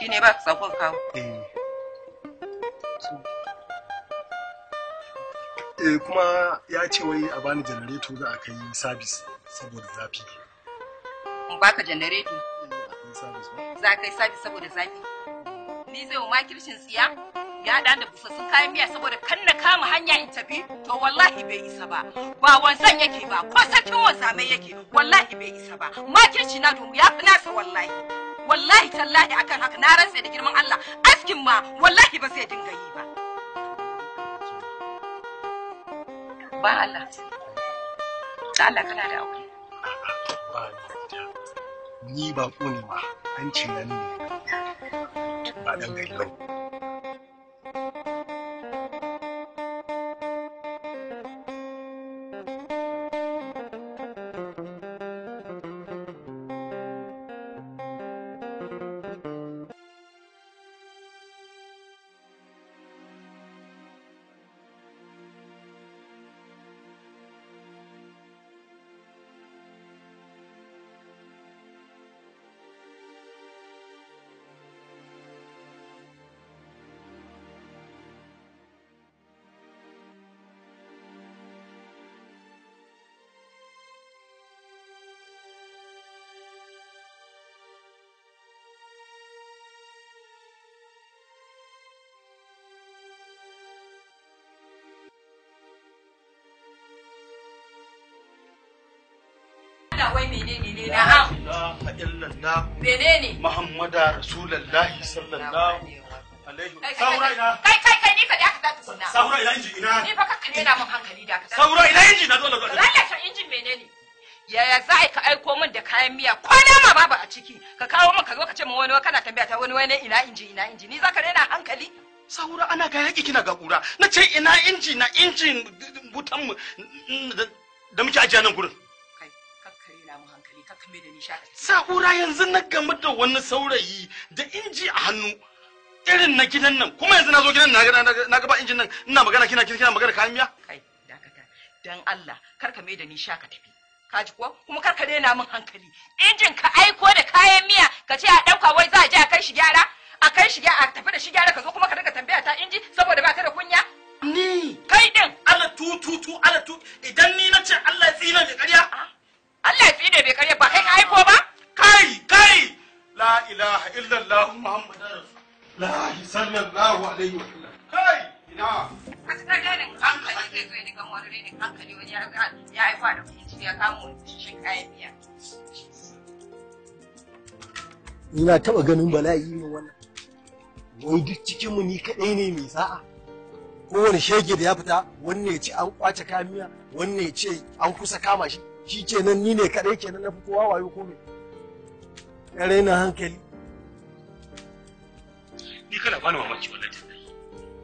shi ne ba ka sakon kawo eh kuma ya ce wai a bani janareto za a kai sabis saboda zafi in ka janareto za kai sabis saboda zafi ni zai ma kirshin tsiya ya da da busassun kayan miya saboda kan na kama hanya in tafi to wallahi bai isa ba ba wanzan yake ba ko sakin wanzamai yake wallahi bai isa ba makirci na domin ya fi nasa wallahi wallahi tallahi akan haka na rantsa da girman Allah askin ma wallahi ba zai dinga yi ba ba Allah da Allah kana da aure ni ba ne ma an ci nan ne ba dan gari ba Allah wai menene ne na am menene Muhammada Rasulullahi sallallahu saura ina ina inji ina ni fa kane na mun hankali da ka saura ina inji na dole dole ta injin menene yaya za ka aiko min da kayan miya kwana ma babu a ciki ka kawo min ka zo ka ce min wani kana tambaya ta wani wani ina inji ina inji ni za rena hankali saura ana ga yaƙi kina ga ƙura na ce ina inji na injin wutan mu mm, da muke ajiya nan gurin ka mai da sa'ura yanzu na gamu da wani saurayi da inji a hannu irin na gidan nan kuma yanzu na zo gidan na gaba injin nan ina magana kina kina magana kayan miya kai dakata dan Allah kar ka mai da tafi kuwa kuma kar ka daina min hankali injin ka aiko da kayan miya ka ce a ɗauka wai za a je a kai shi gyara a kai shi gyara a tafi da shi gyara ka zo kuma ka daga tambaya ta inji saboda baka da kunya ni kai din ala ala tu idan ni na ce Allah ya tsina da ƙarya ah. Allah ya tsine bai karya ba kai ka aiko ba kai kai la ilaha illallah muhammadar lahi sallallahu alaihi wa sallam kai ina a cikin ganin hankali zai zo ne kan wani rinin hankali wani ya haifa da ciki ya kamo shi kayan miya Ina taɓa taba ganin bala'i ne wannan wai duk cikin mu ni kadai ne mai sa'a kowane shege da ya fita wanne ya ce an kwace kamiya wanne ya ce an kusa kama shi shi kenan ni ne kaɗai kenan na fi kowa wayo ko me ya raina hankali ni kana bani mamaki wallahi tallahi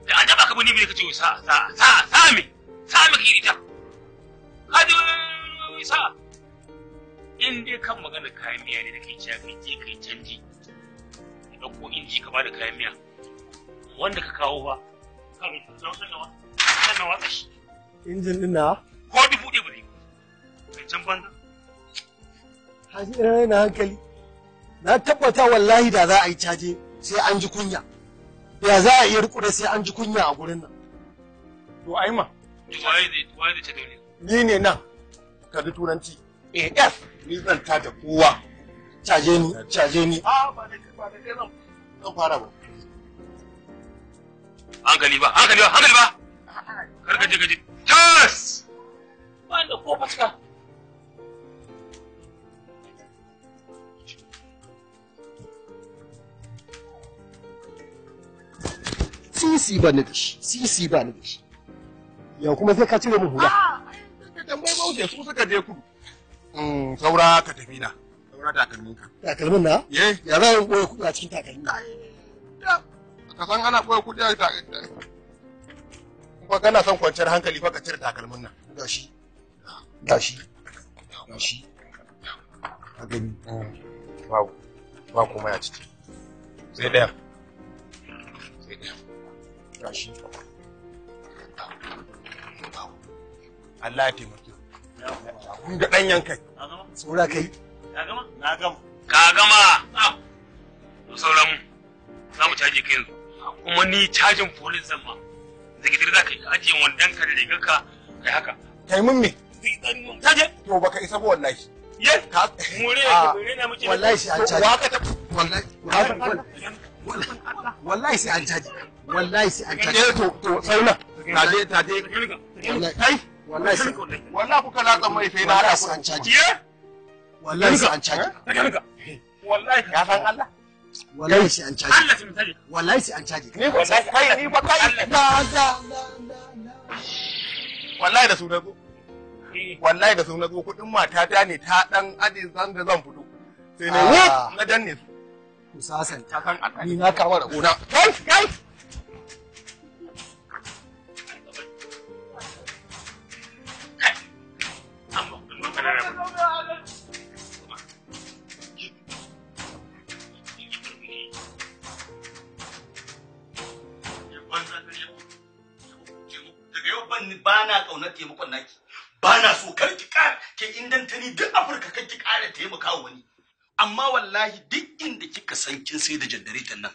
da an taba ka bani bi ce sa sa sa sa me sa me ki ita ka ji sa in dai kan magana kayan miya ne da kai ciya kai je kai canji ka dauko inji ka bada kayan miya wanda ka kawo ba ka ga zan nawa zan shi? injin din na ko dubu ɗaya ba zai can banza. Eh, na hankali. Na tabbata wallahi da za a yi caje sai an ji kunya. Ya za a iya riko sai an ji kunya a gurin nan. To ai ma. Ni ne nan. Ka turanci. ni zan ta kowa. Caje ni, caje ni. ba ba da ba. Hankali ba, Tas! sisi ba ni da shi sisi ba ni da shi ya kuma sai ka cire mu hula dan ah! bai bauje su suka je kudu mm, saura ka tafi na saura takalmin ka kalmin na eh ya za boye koyi kudu a cikin takalmin ka san ana boye kudu a takalmin ko kana son kwanciyar hankali fa ka cire takalmin nan gashi gashi gashi mm. a gani ba kuma ya ciki sai daya ga shi Allah ya taimake mu ga dan kai tsora kai na gama ka gama to sauran za mu caje kai yanzu kuma ni cajin polis zan ma zigidir za ka yi aje wandan ka da rigar ka kai haka kai mun me caje to baka isa ba wallahi yes ka mure ka mure na muke wallahi shi an caje wallahi wallahi wallahi sai an caji wallahi sai an caji eh, to to sauna taje taje kai wallahi sai wallahi kuka latsa mai sai na sai an caji wallahi sai an caji wallahi ya san Allah wallahi sai an caji wallahi sai an caji ni ba kai ni ba kai wallahi da su na wallahi da su na kudin matata ne ta dan aje zan fito sai ne ah. na danne su ku sasanta ni na kawo da gona kai kai ba na taimakon naki ba na so kar ki ƙara ki indanta ni duk afirka kar ki ƙara taimaka wani amma wallahi duk inda kika san kin sai da janareton nan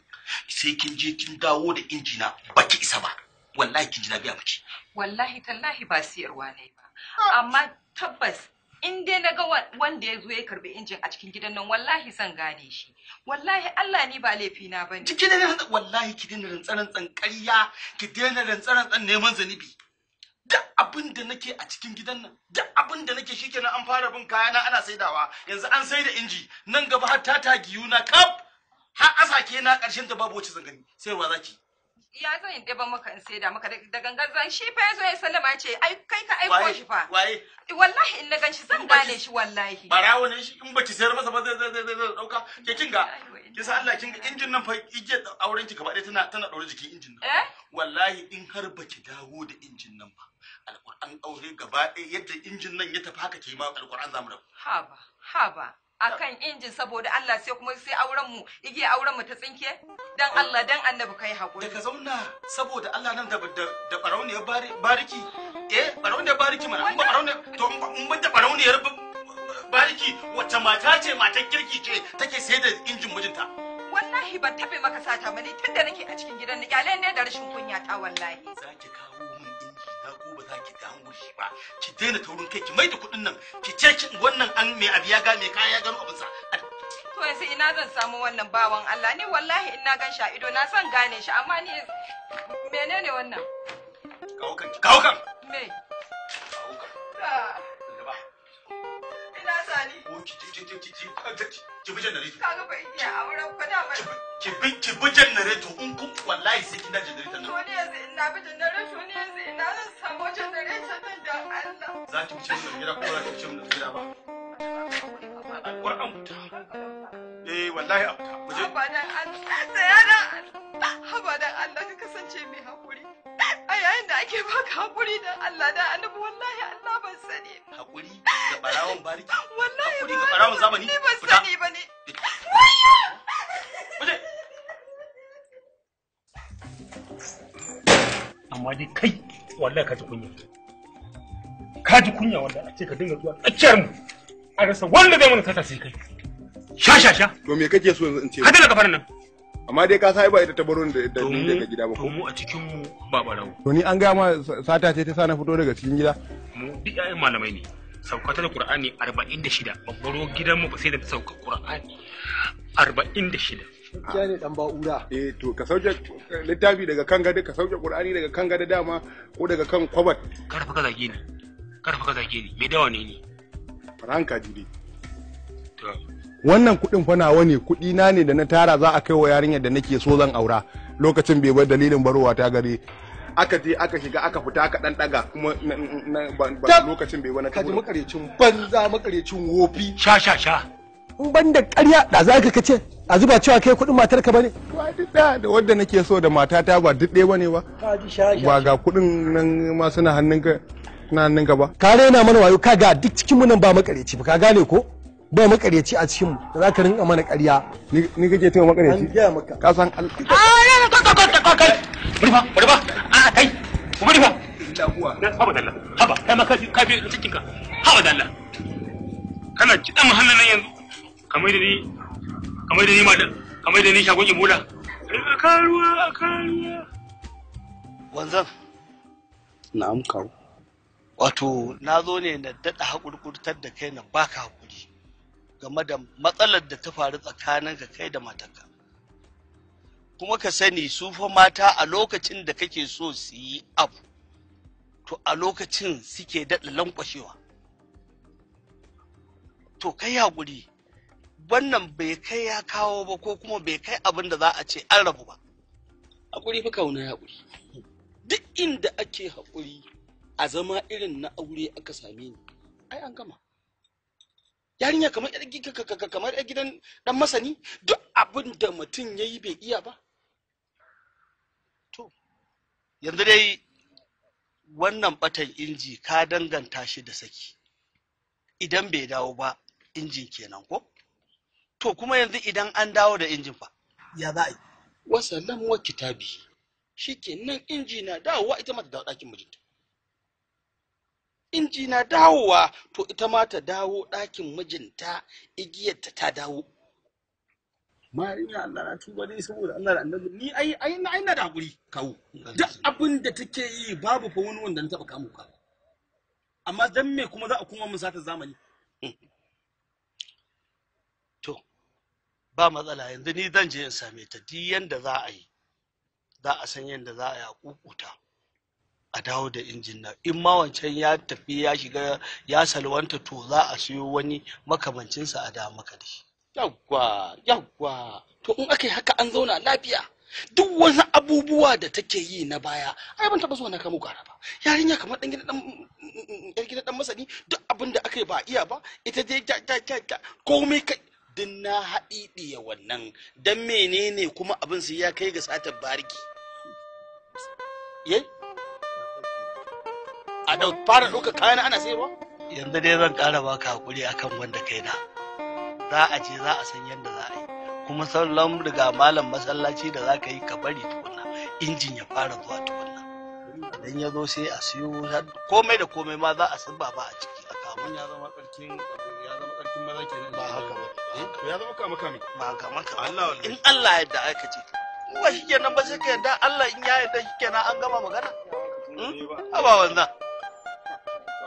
sai kin je kin dawo da injina baki isa ba wallahi kin ji na biya mace wallahi tallahi ba siyarwa ne ba ah. amma tabbas in dai na ga wanda ya zo ya karbi injin a cikin gidan nan wallahi zan gane shi wallahi Allah ni ba laifi na bane ki daina wallahi ki daina rantsaran tsan ƙarya ki daina rantsaran neman zanibi duk abin da nake a cikin gidan nan duk abin da nake shikenan an fara bin kayana ana saidawa yanzu an sai da inji nan gaba har ta tagiyu na kaf har asake na karshen da babu wacce zangani sayarwa zaki ya zan yi ɗiban maka in saida maka da gangar zan shi fa ya zo ya sallama ya ce ai kai ka aiko shi fa waye wallahi in na gan shi zan gane shi wallahi barawo ne shi in baki sayar masa ba zai zai zai dauka ke kinga ki san Allah kinga injin nan fa ije auren ki gaba tana tana daure jikin injin nan eh? wallahi in har ba ki dawo da injin nan ba alquran aure gaba ɗaya yadda injin nan ya tafi haka ke ma alquran zamu rabu ha ba. akan injin saboda Allah sai kuma sai auren mu igiya auren mu ta tsinke dan Allah dan annabi kai hakuri daga zauna saboda Allah nan da da farauni ya bariki eh farauni ya bariki mana amma farauni to mun ban da farauni ya bariki wacce mata ce matan kirki ce take sai da injin mijinta wallahi ban tabe maka sata mani tunda nake a cikin gidan ni kyalen ne da rashin kunya ta wallahi zaki kawo ba ki daina taurin kai ki maida kuɗin nan ki ce ki wannan an mai abu ya ga mai kaya ya gano abinsa to yanzu ina zan samu wannan bawan Allah ni wallahi in na gan sha ido na san gane shi amma ni menene wannan kawo kan kawo kan me kawo kan ah. ina sani ki ki janareto kaga auren ku da ba ki bi ki wallahi sai kin janareto nan to ne yanzu ina bi janareto ne yanzu ina zan samu janareto nan da Allah za ki bi janareto gida ko za ki bi janareto gida ba Alƙur'an ta. Eh wallahi abu ta. Haba dan Allah. Haba dan Allah ka kasance mai haƙuri. yayin da ake baka hakuri dan Allah da annabi wallahi Allah ban sani hakuri ga barawon bariki wallahi hakuri ga barawon zamani ni ban sani bane wayyo amma dai kai wallahi ka ji kunya ka ji kunya wallahi a ce ka dinga zuwa tsakiyar mu a rasa wanda zai mana tata sai kai sha sha sha to me kake so yanzu in ce ka dinga kafaran nan amma dai ka sai ba ita ta baro da da daga gida ba ko mu a cikin mu ba barau to ni an ga ma sata ce ta sa na fito daga cikin gida mu duk ƴaƴan malamai ne saukatar qur'ani 46 baro gidan mu ba sai da sauka qur'ani 46 gaskiya ne dan ba'ura eh to ka sauke littafi daga kan gada ka sauke qur'ani daga kan gada dama ko daga kan kwabat karfa ka zage ni karfa ka zage ni me dawa ne ni ranka jide to wannan kuɗin fa nawa ne kuɗi na ne da na tara za a kai wa yarinyar da nake so zan aura lokacin bai bar dalilin barowa ta gare aka je aka shiga aka fita aka dan daga kuma lokacin bai wani kaji makarecin banza makarecin wofi sha sha sha in ban da ƙarya da za ka kace a zuba cewa kai kuɗin matar ka bane da wadda wanda nake so da matata ba duk ɗaya bane ba ba ga kuɗin nan ma suna hannun ka na hannun ka ba ka rena mana wayo ka ga duk cikin mu nan ba makareci ba ka gane ko ba makaryaci a cikin mu za ka rinka mana ƙarya ni kake tawa makaryaci an gaya maka ka san Allah a ka ka ka kai bari fa bari fa a kai bari fa labuwa haba dalla haba kai ma ka ka bi cikin ka haba dalla kana kidan mahallan nan yanzu kamar da ni kamar da ni ma kamar da ni shagon ibola ka ruwa ka ruwa wanzan na'am kawo wato na zo ne na daɗa haƙurƙurtar da kai na baka haƙuri game da matsalar da ta faru tsakanin ka kai da matarka kuma ka sani sufa mata a lokacin da kake so su yi abu to a lokacin suke daɗa lankwashewa to kai haƙuri wannan bai kai ya kawo ba ko kuma bai kai abin da za a ce an rabu ba haƙuri fi kauna haƙuri duk inda ake haƙuri a zama irin na aure aka same ni ai an gama yarinya kamar kamar yar gidan dan masani duk abin da mutum ya yi bai iya ba to yanzu dai wannan batan inji ka danganta shi da saki idan bai dawo ba injin kenan ko to kuma yanzu idan an dawo da injin fa ya za a yi wasallam wa kitabi shikenan inji na dawowa ita mata da ɗakin mijinta inji na dawowa to ita ma ta dawo ɗakin mijinta igiyarta ta dawo Mariya Allah na tuba dai saboda Allah da annabi ni ai ai na ina da hakuri kawo duk abin da take yi babu fa wani wanda na taba kamo ka amma dan me kuma za a kuma mu sata zamani to ba matsala yanzu ni zan je in same ta duk yanda za a yi za a san yanda za a yi a kukuta a dawo da injin nan in ma wancan ya tafi ya shiga ya salwanta to za a siyo wani makamancinsa a da maka da shi yawwa yawwa to in aka yi haka an zauna lafiya duk wani abubuwa da take yi na baya ai ban taba zuwa na kamo gara ba yarinya kamar dan gidan dan gidan dan masani duk abin da aka yi ba iya ba ita dai ta ta ta, komai kai din na haɗiɗiya wannan dan menene kuma abin su ya kai ga satar bariki yayi a da fara ɗaukar kayan ana sayarwa yanzu dai zan ƙara baka hakuri akan wanda kai na za a je za a san yadda za a yi kuma san sallan ga malam masallaci da za ka yi ka bari tukunna. injin ya fara zuwa tukunna. idan ya zo sai a siyo komai da komai ma za a san ba a ciki a kamun ya zama ƙarfin ya zama tsarkin maza kenan ba haka ba eh? ya zama kama kame ba kama kame Allah in Allah ya yarda aka ce kuma kenan ba sai ka yadda Allah in ya yadda shi kenan an gama magana ba hmm? wannan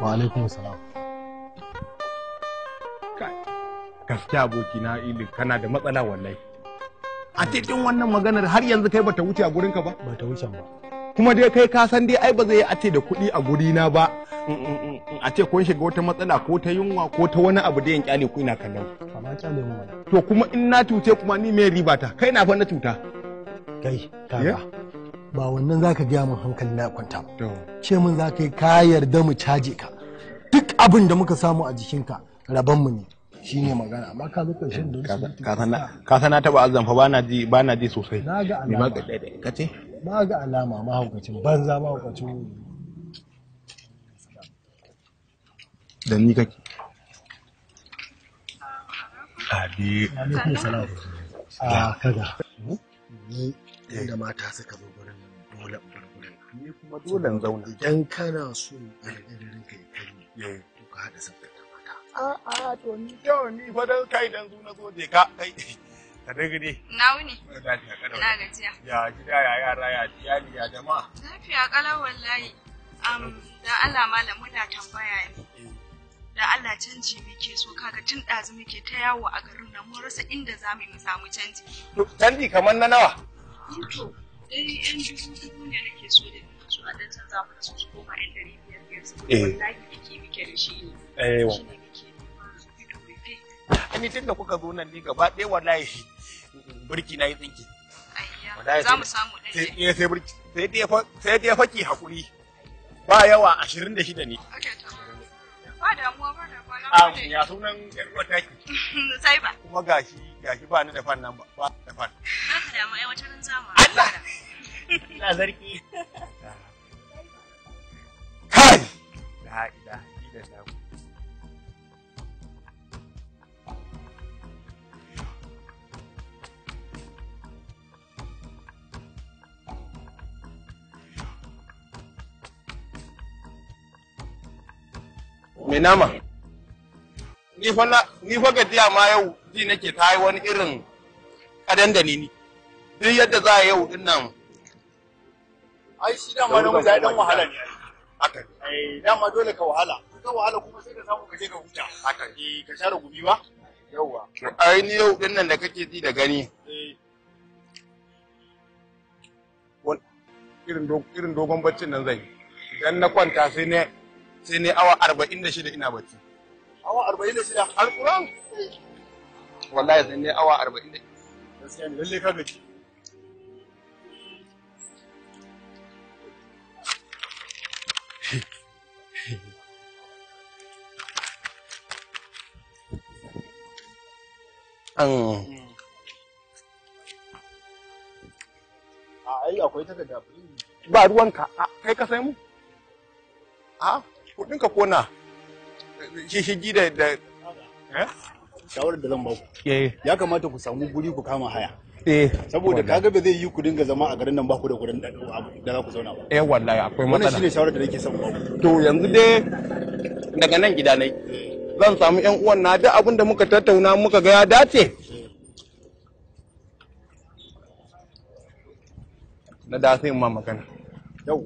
wa alaikum salam gaskiya aboki na ili kana da matsala wallahi a cikin wannan maganar har yanzu kai bata wuce a gurin ka ba bata wuce ba kuma dai kai ka san dai ai ba zai ace da kuɗi a guri na ba mm, mm, mm, a ce kun shiga wata matsala ko ta yunwa ko ta wani abu da yan kyale ku ina kallon amma kyale mu to kuma in na tuce kuma ni me riba ta kai na fa na tuta. kai ba wannan za ka gaya min hankali na kwanta ba ce mun za ka yi ka yarda mu caje ka duk abin da muka samu a jikinka rabon mu ne shi ne magana amma ka zo karshen da ka sana ta ba azan fa ba na ji ba na ji sosai na ga alama ka ce na ga alama ma mahaukacin banza mahaukacin da ni kake abi alaikum salam a ah, kaga hmm? ni da mata suka zo ni kuma dole in zauna idan kana so alƙadarin kai kai to ka hada sabbin ta mata a a to ni to ni fa dan kai dan zuna na zo je ka kai ka dai gidi na wuni ina gajiya ya gida ya yara ya iyali ya jama'a lafiya kalau wallahi um da Allah malam muna tambaya ne eh. da Allah canji muke so kaga tun ɗazu muke ta yawo a garin nan mun rasa inda zamu mu samu canji. Canji kamar na nawa? dai yan dubu dubu ne ke so da su a dan canza mana su su koma yan dari biyar biyar saboda wallahi biki muke da shi ne. Eh wa. Ani tun da kuka zo nan ne gaba ɗaya wallahi birki na yi tsinki. Za mu samu ɗaya. Sai dai faki haƙuri. Ba yawa ashirin da shida ne. Okay, Ba damuwa ba ah, Ya sunan taki. Sai ba. Kuma gashi gashi ba ni da fan nan ba ba da fan. Haka da wata nan Allah. zarki. (laughs) (laughs) Kai. La ilaha Mai nama. Ni fa gajiya ma yau ji nake ta yi wani irin kadan da ni. Duk yadda za a yau din nan. Ai shi ma na mutane dan wahala ne. Haka. Eh dama dole ka wahala. Ka wahala kuma sai ka samu ka je ka huta. Haka. Eh ka share gumi ba? Yauwa. Ai ni yau din nan da kake ji da gani. Eh. irin dogon baccin nan zai idan na kwanta sai ne sai ne awa arba'in da shida ina bacci awa arba'in da shida alƙur'an wallahi sai ne awa arba'in da gaskiya ne lalle ka gaci. an a ai akwai takarda ba ruwanka kai ka sai mu a kudin ka kona shishigi da da eh? shawarar da zan ba ku eh. ya kamata ku samu guri ku kama haya eh. saboda kaga ba zai yi ku dinga zama a garin nan ba ku da kudin da za ku zauna ba eh wallahi akwai matsala wannan shine shawarar da nake son ba to yanzu dai daga nan gida nai zan samu yan uwan na duk abin da muka tattauna muka ga ya dace na da sai ma magana yauwa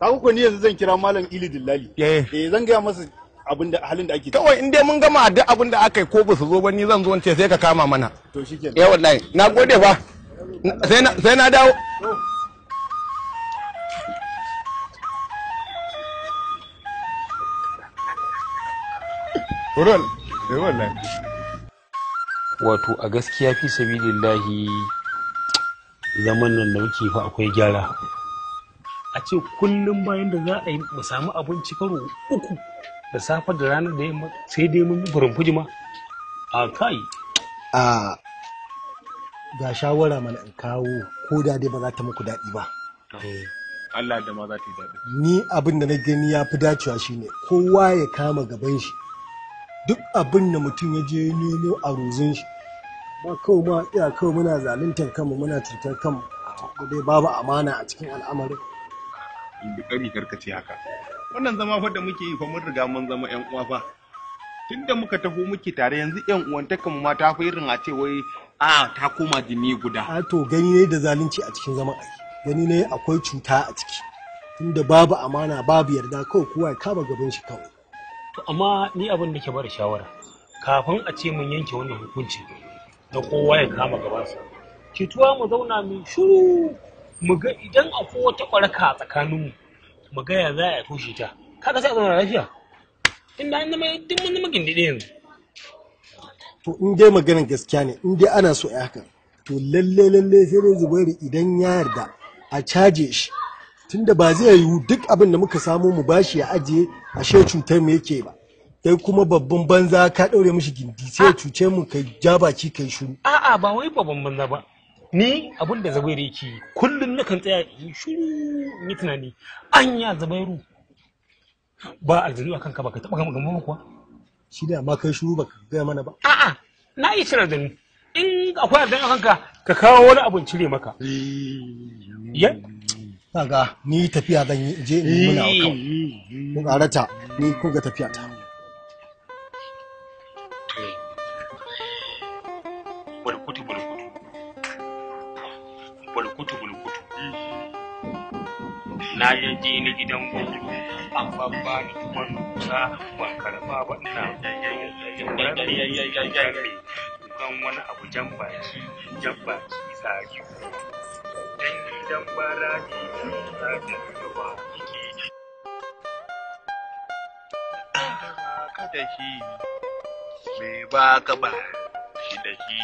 kaga ko ni yanzu zan kira malam ili dillali eh, eh zan gaya masa abin da halin da ake kawai in dai mun gama duk abin da aka yi ko ba su zo ba ni zan zo ce sai ka kama mana to shikenan eh wallahi na gode fa sai na sai na dawo Rural, eh, wallahi. Wato a gaskiya fi sabilillahi zaman nan da muke fa akwai gyara. a ce kullum bayan da za a yi mu samu abinci karo uku da safe da ranar da yamma sai dai mun burin fujima a kai a ga shawara mana in kawo ko da dai ba za ta muku daɗi ba eh. Allah da ma za ta yi daɗi ni abin da na gani ya fi dacewa shine kowa ya kama gaban shi duk abin da mutum ya je nemo a ruzun shi ba kawai ma iya kawai muna zaluntar kanmu muna cutar kanmu dai babu amana a cikin al'amarin bikari karkace haka wannan zama fa da muke yi fa mun riga mun zama yan uwa fa tunda muka taho muke tare yanzu yan uwan ta ma ta fi irin a ce wai a ta koma jini guda a to gani ne da zalunci a cikin zaman aiki gani ne akwai cuta a ciki tunda babu amana babu yarda kawai kowa ya kama gaban shi kawai to amma ni abin da ke bada shawara kafin a ce mun yanke wannan hukunci da kowa ya kama gabansa ki tuwa mu zauna mu shiru mu ga idan akwai wata ƙwarka a tsakaninmu mu ga ya za a kushe ta kaga sai a zauna lafiya da an zama duk mun zama gindide yanzu to in dai maganar gaskiya ne in dai ana so a haka to lalle lalle sai dai zubairu idan ya yarda a caje shi tunda ba zai yiwu duk abin da muka samu mu bashi ya ajiye she cutar mu yake ba kai kuma babban banza ka ɗaure mishi gindi sai ya cuce mu kai ja baki kai shuru a'a ba wai babban banza ba ni abin da zabairu yake kullum nakan tsaya in shiru ni tunani anya zabairu ba aljanu akan ka ba ka taba gama gama kuwa shi da ma kai shiru ba ka gaya mana ba a'a na yi shirar da ni in akwai aljanu akan ka ka kawo wani abin cire maka ya kaga ni tafiya zan yi je in muna kawai kun arata ni kun ga tafiya ta ji ni gidan gudu an babba ni kuma nusa ban karba ba ina kan wani abu jan baki jan baki sai dan gidan bara ki ta da gaba kike ka da shi me ba ka ba shi da shi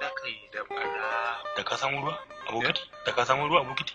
da kai da bara da ka san ruwa abokiti da ka san ruwa abokiti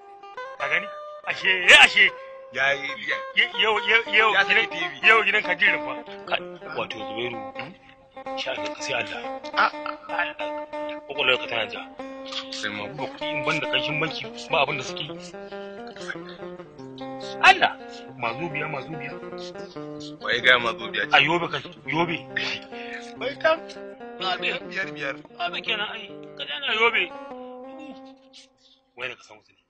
ka gani ashe eh, ya ashe yau yau yau gidan ka jirin fa wato zubairu hmm? sha'anin ka sai Allah kwakwalwar ah. ka tana ja sai ma ba kuɗi in banda ƙarshen banki ba abin da suke Allah mazubiya mazubiya wai ga mazubiya a yobe kai yobe bai kan biyar biyar ba kenan ai ka dana yobe wai da ka san wasu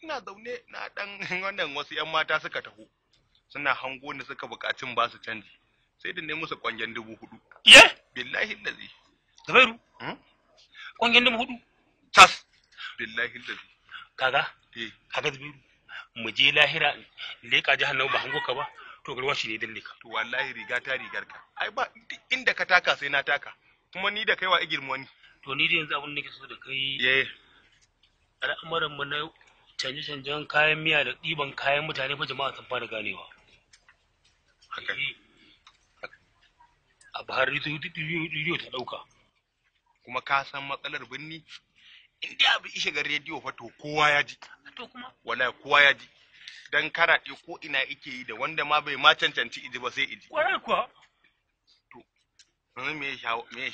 ina zaune na dan (laughs) wannan wasu yan mata suka taho suna hango ni suka bukacin ba su canji sai da ne musu kwangen dubu hudu ye billahi lazi zubairu kwangen hmm? dubu hudu tas billahi lazi kaga eh. kaga zubairu mu je lahira ji jahannama ba hango ka ba to garwa shi ne dalle ka to wallahi riga ta rigar ka ai ba inda ka taka sai na taka kuma ni da kaiwa igirmu wani to ni da yanzu abin da nake so da kai al'amuran mu na canje-canjen kayan miya da ɗiban kayan mutane fa jama'a sun fara ganewa. Eh. A Buhari rediyo ta ɗauka. Kuma ka san matsalar birni? In dai abu ishe ga rediyo fa to kowa ya ji. To kuma? Wala kowa ya ji. Dan karaɗe ko ina ike yi da wanda ma bai ma cancanci iji ba sai iji. Kwarar kuwa. To, yanzu me ya shawara?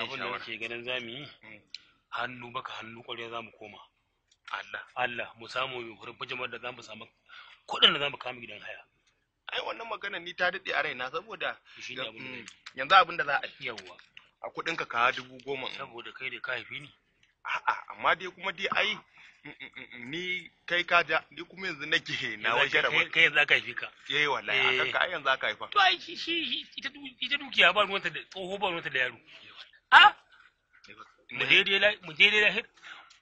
Abin da ke ganin za mu yi? Hmm. Hannu baka hannu kwarai za mu koma. Allah Allah mu samu mu hurin fujimar da zamu samu kuɗin da zamu kama gidan haya ai wannan magana ni ta daɗe a raina saboda yanzu abin da za a yi yawa a kuɗin ka kawo dubu goma saboda kai da ka haifi ni a'a amma dai kuma dai ai mm, mm, mm, ni kai ka ja ni kuma yanzu nake na wajen rabar kai yanzu aka haifi ka eh wallahi a kanka ai yanzu aka haifa to ai shi shi ita dukiya ba ruwanta da tsoho ba ruwanta da yaro eh, a ah! eh, mu daidai mu daidai lahir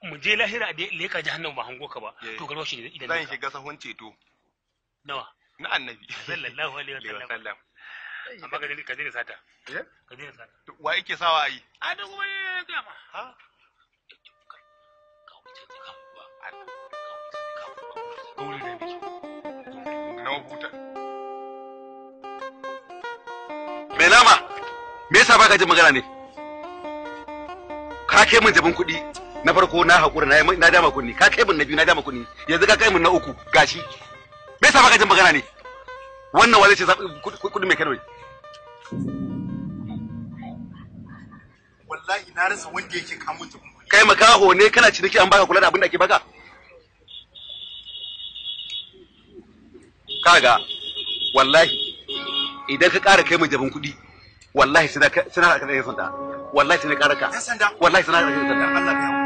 mu je lahira da leka hannun ba hango ka ba eh. to garwa shi idan zan shiga sahun ceto nawa na annabi (laughs) sallallahu alaihi sallam amma ka ka dina sata eh? ka dina sata wa yake sawa ayi a da kuma ya ga ma ha Mai nama, me yasa baka ji magana ne? Ka ke min jabin kuɗi na farko na haƙura na dama kunni ka kai mun na biyu na dama kunni yanzu ka kai mun na uku gashi me yasa baka jin magana ne wannan wale ce kudi mai kalmai wallahi na rasa wanda yake kawo mutum kai makaho ne kana ciniki an baka kula da abin da ake baka kaga wallahi idan ka ƙara kai mu jabin kuɗi wallahi sai na sai ka sanda wallahi sai na ƙara ka wallahi sai na ƙara ka sanda Allah ya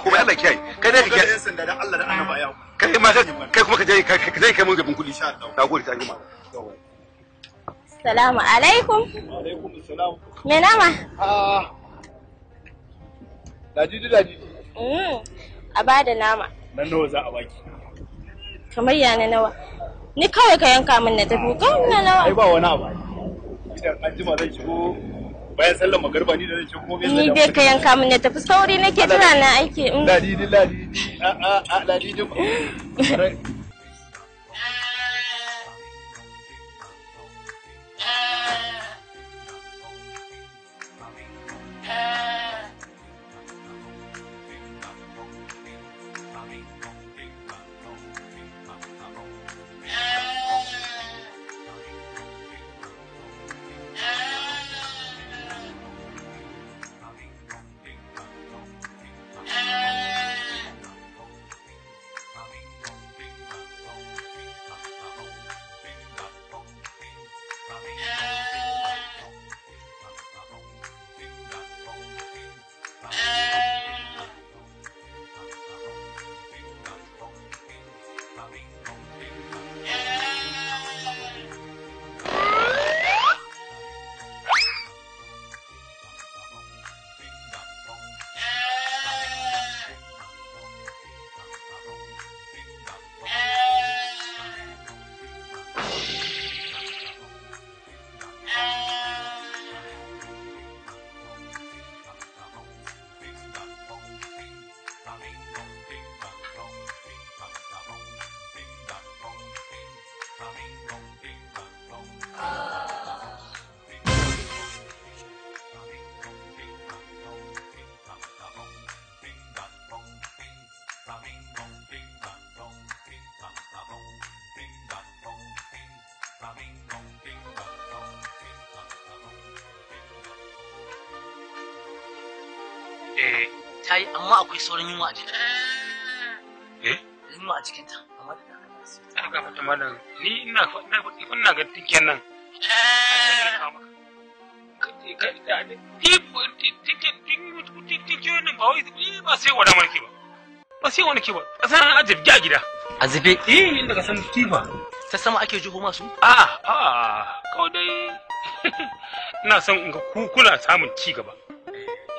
hadisin da Allah da annaba ya kai ma kai kuma ka je ka je kai mun gaban kulli insha Allah na gode ta Assalamu alaikum alaikum assalam me nama ah. mm. a bada nama nan nawa za a baki kamar ya na nawa ni kawai ka yanka min na tafi kawai na nawa ai ba wani abu idan shigo bayan sallar magarba ni da zan ce ko ni dai ka yanka min na tafi sauri nake jira na aiki in mm. ladidi ladidi a ah, a ah, ah, ladidi (laughs) ta yi amma akwai sauran yunwa a jikinta. Eh? Yunwa a jikinta amma da ta Ana ga fata malam ni ina ina ina ga tinken nan. Tinkiyoyin nan ba wai ba sai wada mulki ba. Ba sai wani kiba. A sanar ajib a gida. A zube. Eh inda ka san kifa. Ta sama ake jiho masu? Ah ah, kawai dai (laughs) ina son in ga kukuna samun ci gaba.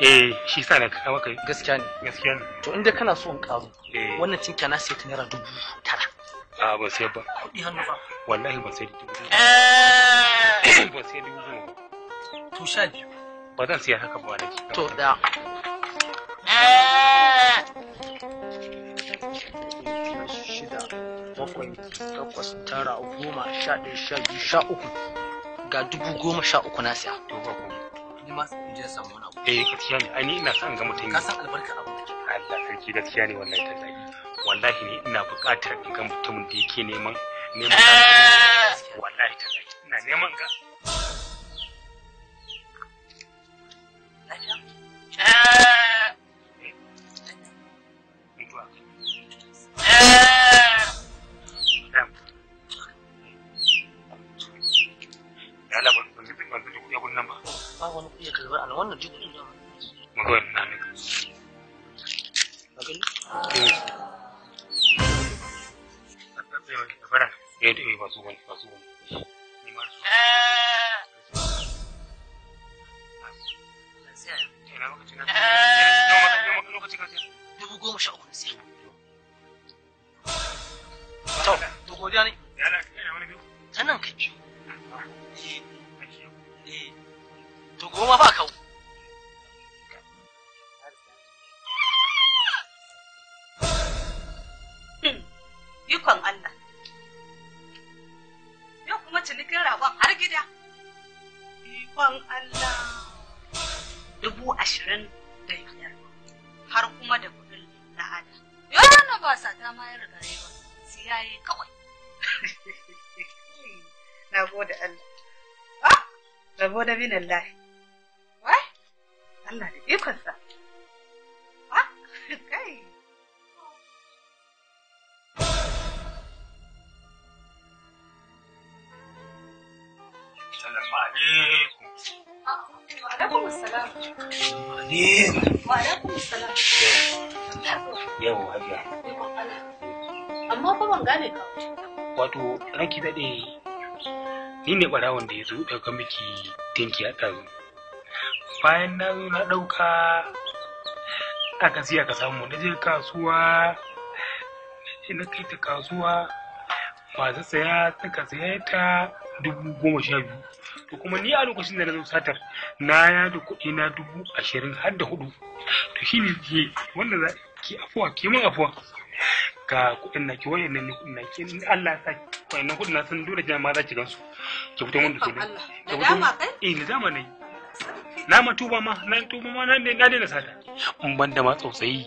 eh shi sa na kawo kai gaskiya ne gaskiya ne to inda kana so in karo eh. wannan tinka na sai ta naira dubu tara a ba sai ba kuɗi hannu ba wallahi ba sai dubu eh! (coughs) ba sai dubu to sha biyu ba zan siya haka ba nake to da shida eh! bakwai takwas tara goma sha ɗaya sha biyu sha uku ga dubu goma sha uku na siya to hidima in je samu wani abu eh gaskiya ne ai ni ina son ga mutum ka san albarka abu Allah sarki gaskiya ne wallahi tallahi wallahi ne ina buƙatar in ga mutumin da yake neman neman eh! wallahi tallahi ina neman ka na ya riga sai ya yi kawai na gode Allah ah Allah wai Allah da ah kai Assalamu alaikum. Wa alaikum Wa alaikum Yau hajiya. amma fa ban gane ka wato ranki daɗe ni ne ɓarawon da ya zo ɗauka miki dinki a ɗazu bayan na zo na ɗauka aka siya ka samu na je kasuwa na kai ta kasuwa masu saya suka saya ta dubu goma sha biyu to kuma ni a lokacin da na zo satar na ya da kuɗi na dubu ashirin har da hudu to ne ke wanda za ki afuwa ki min afuwa ga kuɗin naki wayan nan ne kuɗin naki in Allah ya sa wayan nan kuɗin na sun dole jama'a za ki gansu ki fito mun da su ne ki fito eh ni dama ne na ma tuba ma na tuba ma na na daina sata in ban da ma tsautsayi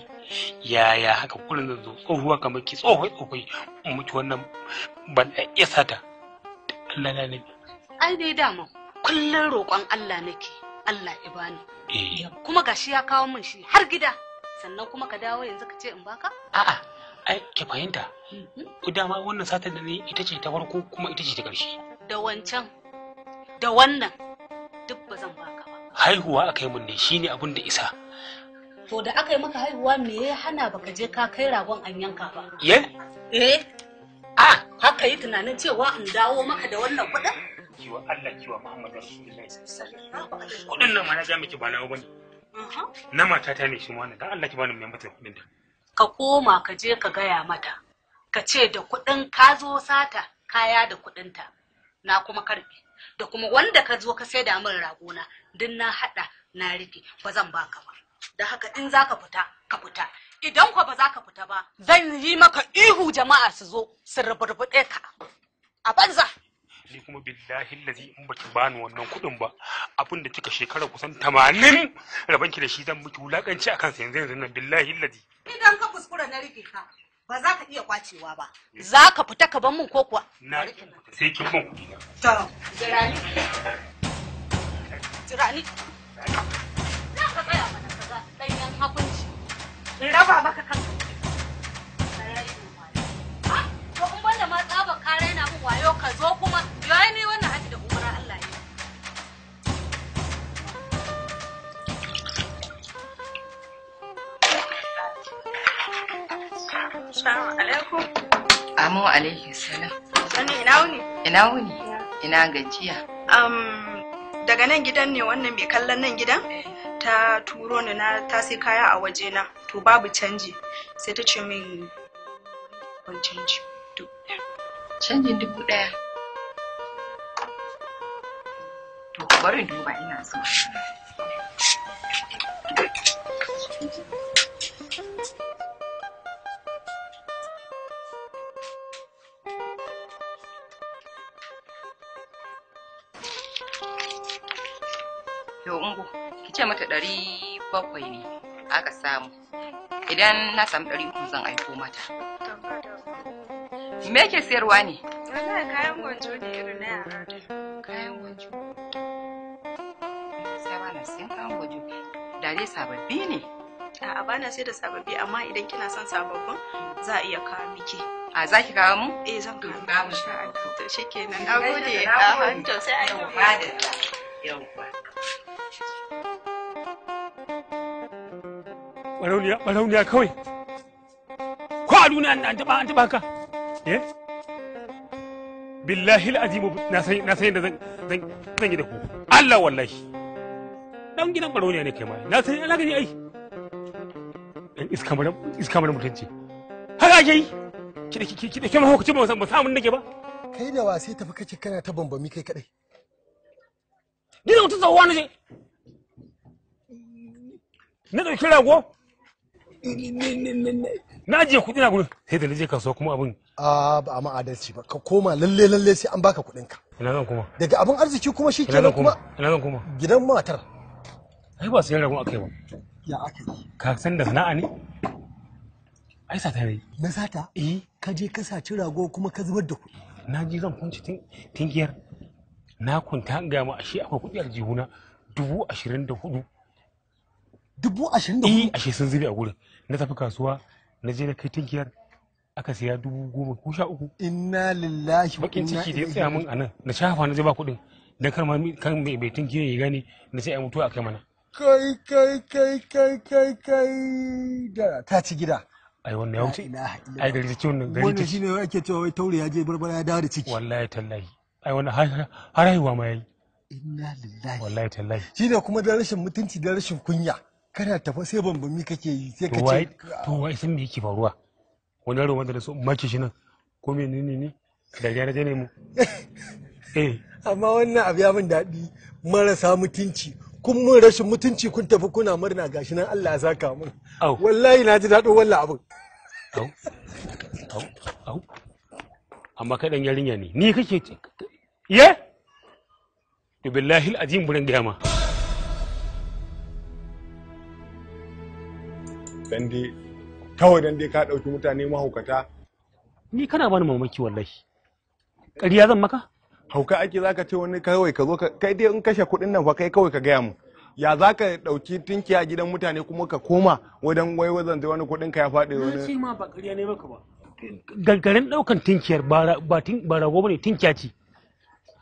yaya haka kullum zan zo tsohuwa kamar ki tsohuwa tsohuwa in mutu wannan ban iya sata Allah na ne. ai dai dama kullum roƙon Allah nake Allah ya bani eh. kuma gashi ya kawo min shi har gida sannan kuma ka dawo yanzu ka ce in baka a'a ai ki fahimta ku dama wannan satar da ne ita ce ta farko kuma ita ce ta ƙarshe da wancan da wannan duk ba zan baka ba haihuwa aka yi mun ne shine abin da isa to da aka yi maka haihuwa me ya hana baka je ka kai ragon an yanka ba ye eh a haka yi tunanin cewa in dawo maka da wannan kuɗin kiwa Allah kiwa Muhammadu Rasulullahi sallallahu alaihi wasallam kuɗin nan ma na ga miki ba ne? bane na matata ne shi ma wannan dan Allah ki bani mai mata kuɗin da ka koma ka je ka gaya mata ka ce da kuɗin ka zo sata kaya da kuɗinta na kuma karbe da kuma wanda ka zo ka sai da min na duk na haɗa na rufe ba zan baka ba da haka in za ka fita ka fita idan kwa ba za ka fita ba zan yi maka ihu jama'a su zo su ruburbuɗe ka a banza ni kuma billahi lazi in baki bani wannan kuɗin ba abin da kika shekara kusan tamanin rabanki da shi zan miki wulakanci akan sa yanzu yanzu nan billahi lazi idan ka kuskura na rike ka ba za ka iya kwacewa ba za ka fita ka ban min ko kuwa na sai kin ban kudi na to jirani jirani za ka tsaya mana dan yan hakunci in raba maka kanka Salamu alaikum salam. Sani ina wuni? Ina wuni? Ina gajiya. Um, daga nan gidan ne wannan mai kallon nan gidan? Ta turo ni na ta sai kaya a waje na. To babu canji. Sai ta ce min wani canji. Canji dubu ɗaya. To bari duba ina so. Thank you. ce mata ɗari bakwai ne aka samu idan na samu ɗari uku zan aiko mata me ke sayarwa ne wannan kayan gwanjo da irin na yara kayan gwanjo sai ba na siyan kayan gwanjo da dai sababbi ne a'a ba na sai da sababbi amma idan kina son sababbin za a iya kawo miki a za ki kawo mu eh zan kawo mu insha Allah to shikenan nagode a hanto sai a yi yau barauniya barauniya kawai ko a duniya an taba an taba ka eh billahi alazim na sai na sai da zan zan yi da ku Allah wallahi dan gidan barauniya ne kai ma na sai ana gani ai dan iska mara iska mara mutunci haka ke yi ki da ki da kuma hukunci ba ba samun nake ba kai da wa sai tafi kace kana ta bambami kai kadai ni da wata tsawa ne na ɗauki rago na je kuɗi na gurin sai da je kasuwa kuma abin a ba a ma'adalci ba ka koma lalle lalle sai an baka kuɗin ka ina zan kuma daga abin arziki kuma shi kenan kuma ina zan kuma gidan matar ai ba yin ragon akai ba ya ake ka san da sana'a ne ai sata ne na sata eh ka je ka saci rago kuma ka zubar da kuɗi na ji zan kunci tingiyar na kunta ga ma ashe akwai kuɗi aljihuna dubu ashirin da hudu dubu ashirin da eh, hudu ashe sun zube a gurin na tafi kasuwa na je na kai tinkiyar aka siya dubu goma ko sha uku inna lillahi bakin ciki da ya tsaya min nan. na shafa na je ba kuɗin dan kar ma kan mai bai tinkiyar ya gani na sai a mutu a kai mana kai kai kai kai kai kai da ta ci gida ai wannan ya wuce ai gari ta ci wannan gari ta ci wannan shine ake cewa wai taure ya je barbara ya dawo da ciki wallahi tallahi ai wannan har haihuwa ma yayi inna lillahi wallahi tallahi ne kuma da rashin mutunci da rashin kunya kana tafa sai bambami kake yi sai ka ce to wai san me yake faruwa wani ruwan da na maki mace shi nan ko me ne ne da ya je ne mu (laughs) eh amma wannan abu ya min dadi marasa mutunci kun mun rashin mutunci kun tafi kuna murna gashi nan Allah ya saka mun wallahi na ji dadin wallahi abin au au au amma kaɗan yarinya ne ni kake ye to billahi al-azim burin gama dan dai kawai dan dai ka ɗauki mutane mahaukata ni kana bani mamaki wallahi ƙarya zan maka hauka ake zaka ce wani kawai ka zo ka kai dai in kashe kuɗin nan fa kai kawai ka gaya mu ya za ka ɗauki tinki a gidan mutane kuma ka koma wajen wai wajen wani kuɗin ka ya faɗi wani ce ma ba ƙarya ne maka ba gargarin daukan tinkiyar ba rago ba ne tinkiya ce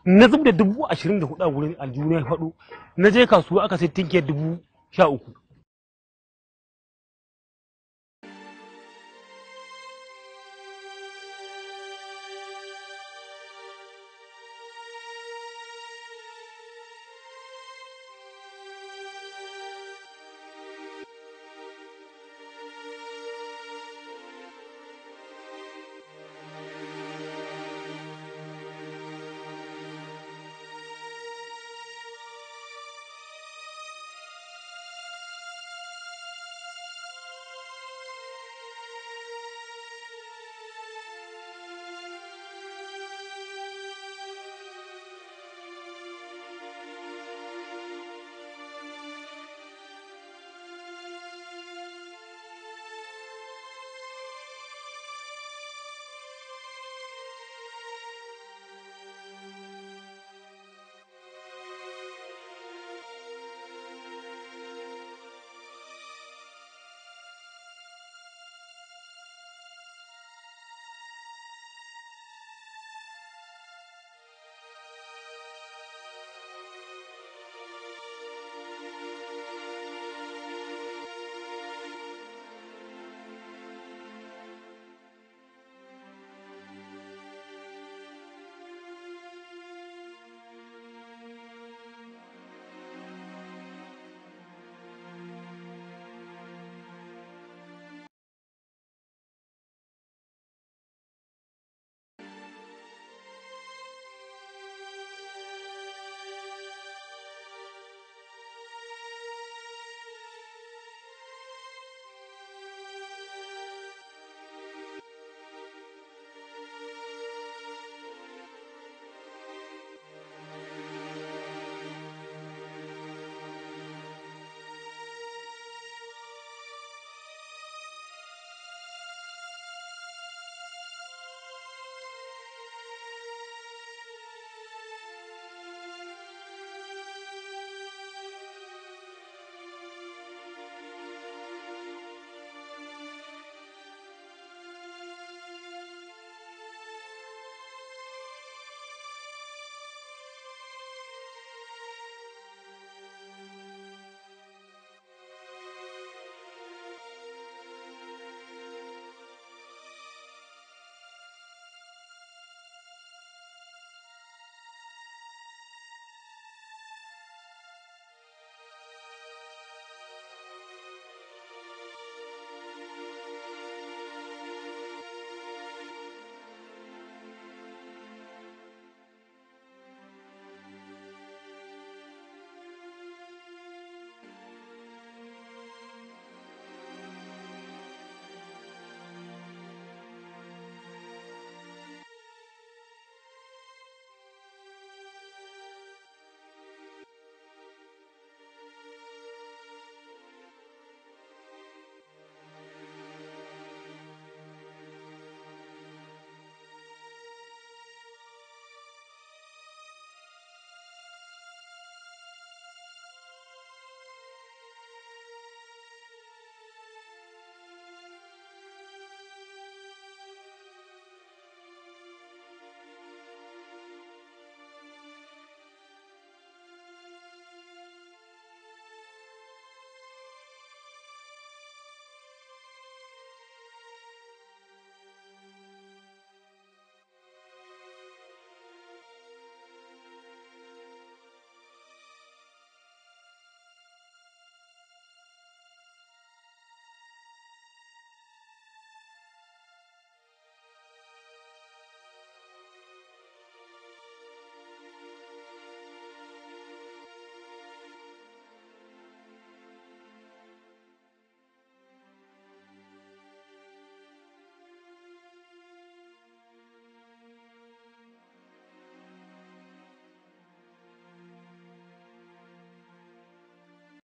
na zub da dubu ashirin da hudu a wurin aljihuna ya faɗo na je kasuwa aka sai tinkiyar dubu sha uku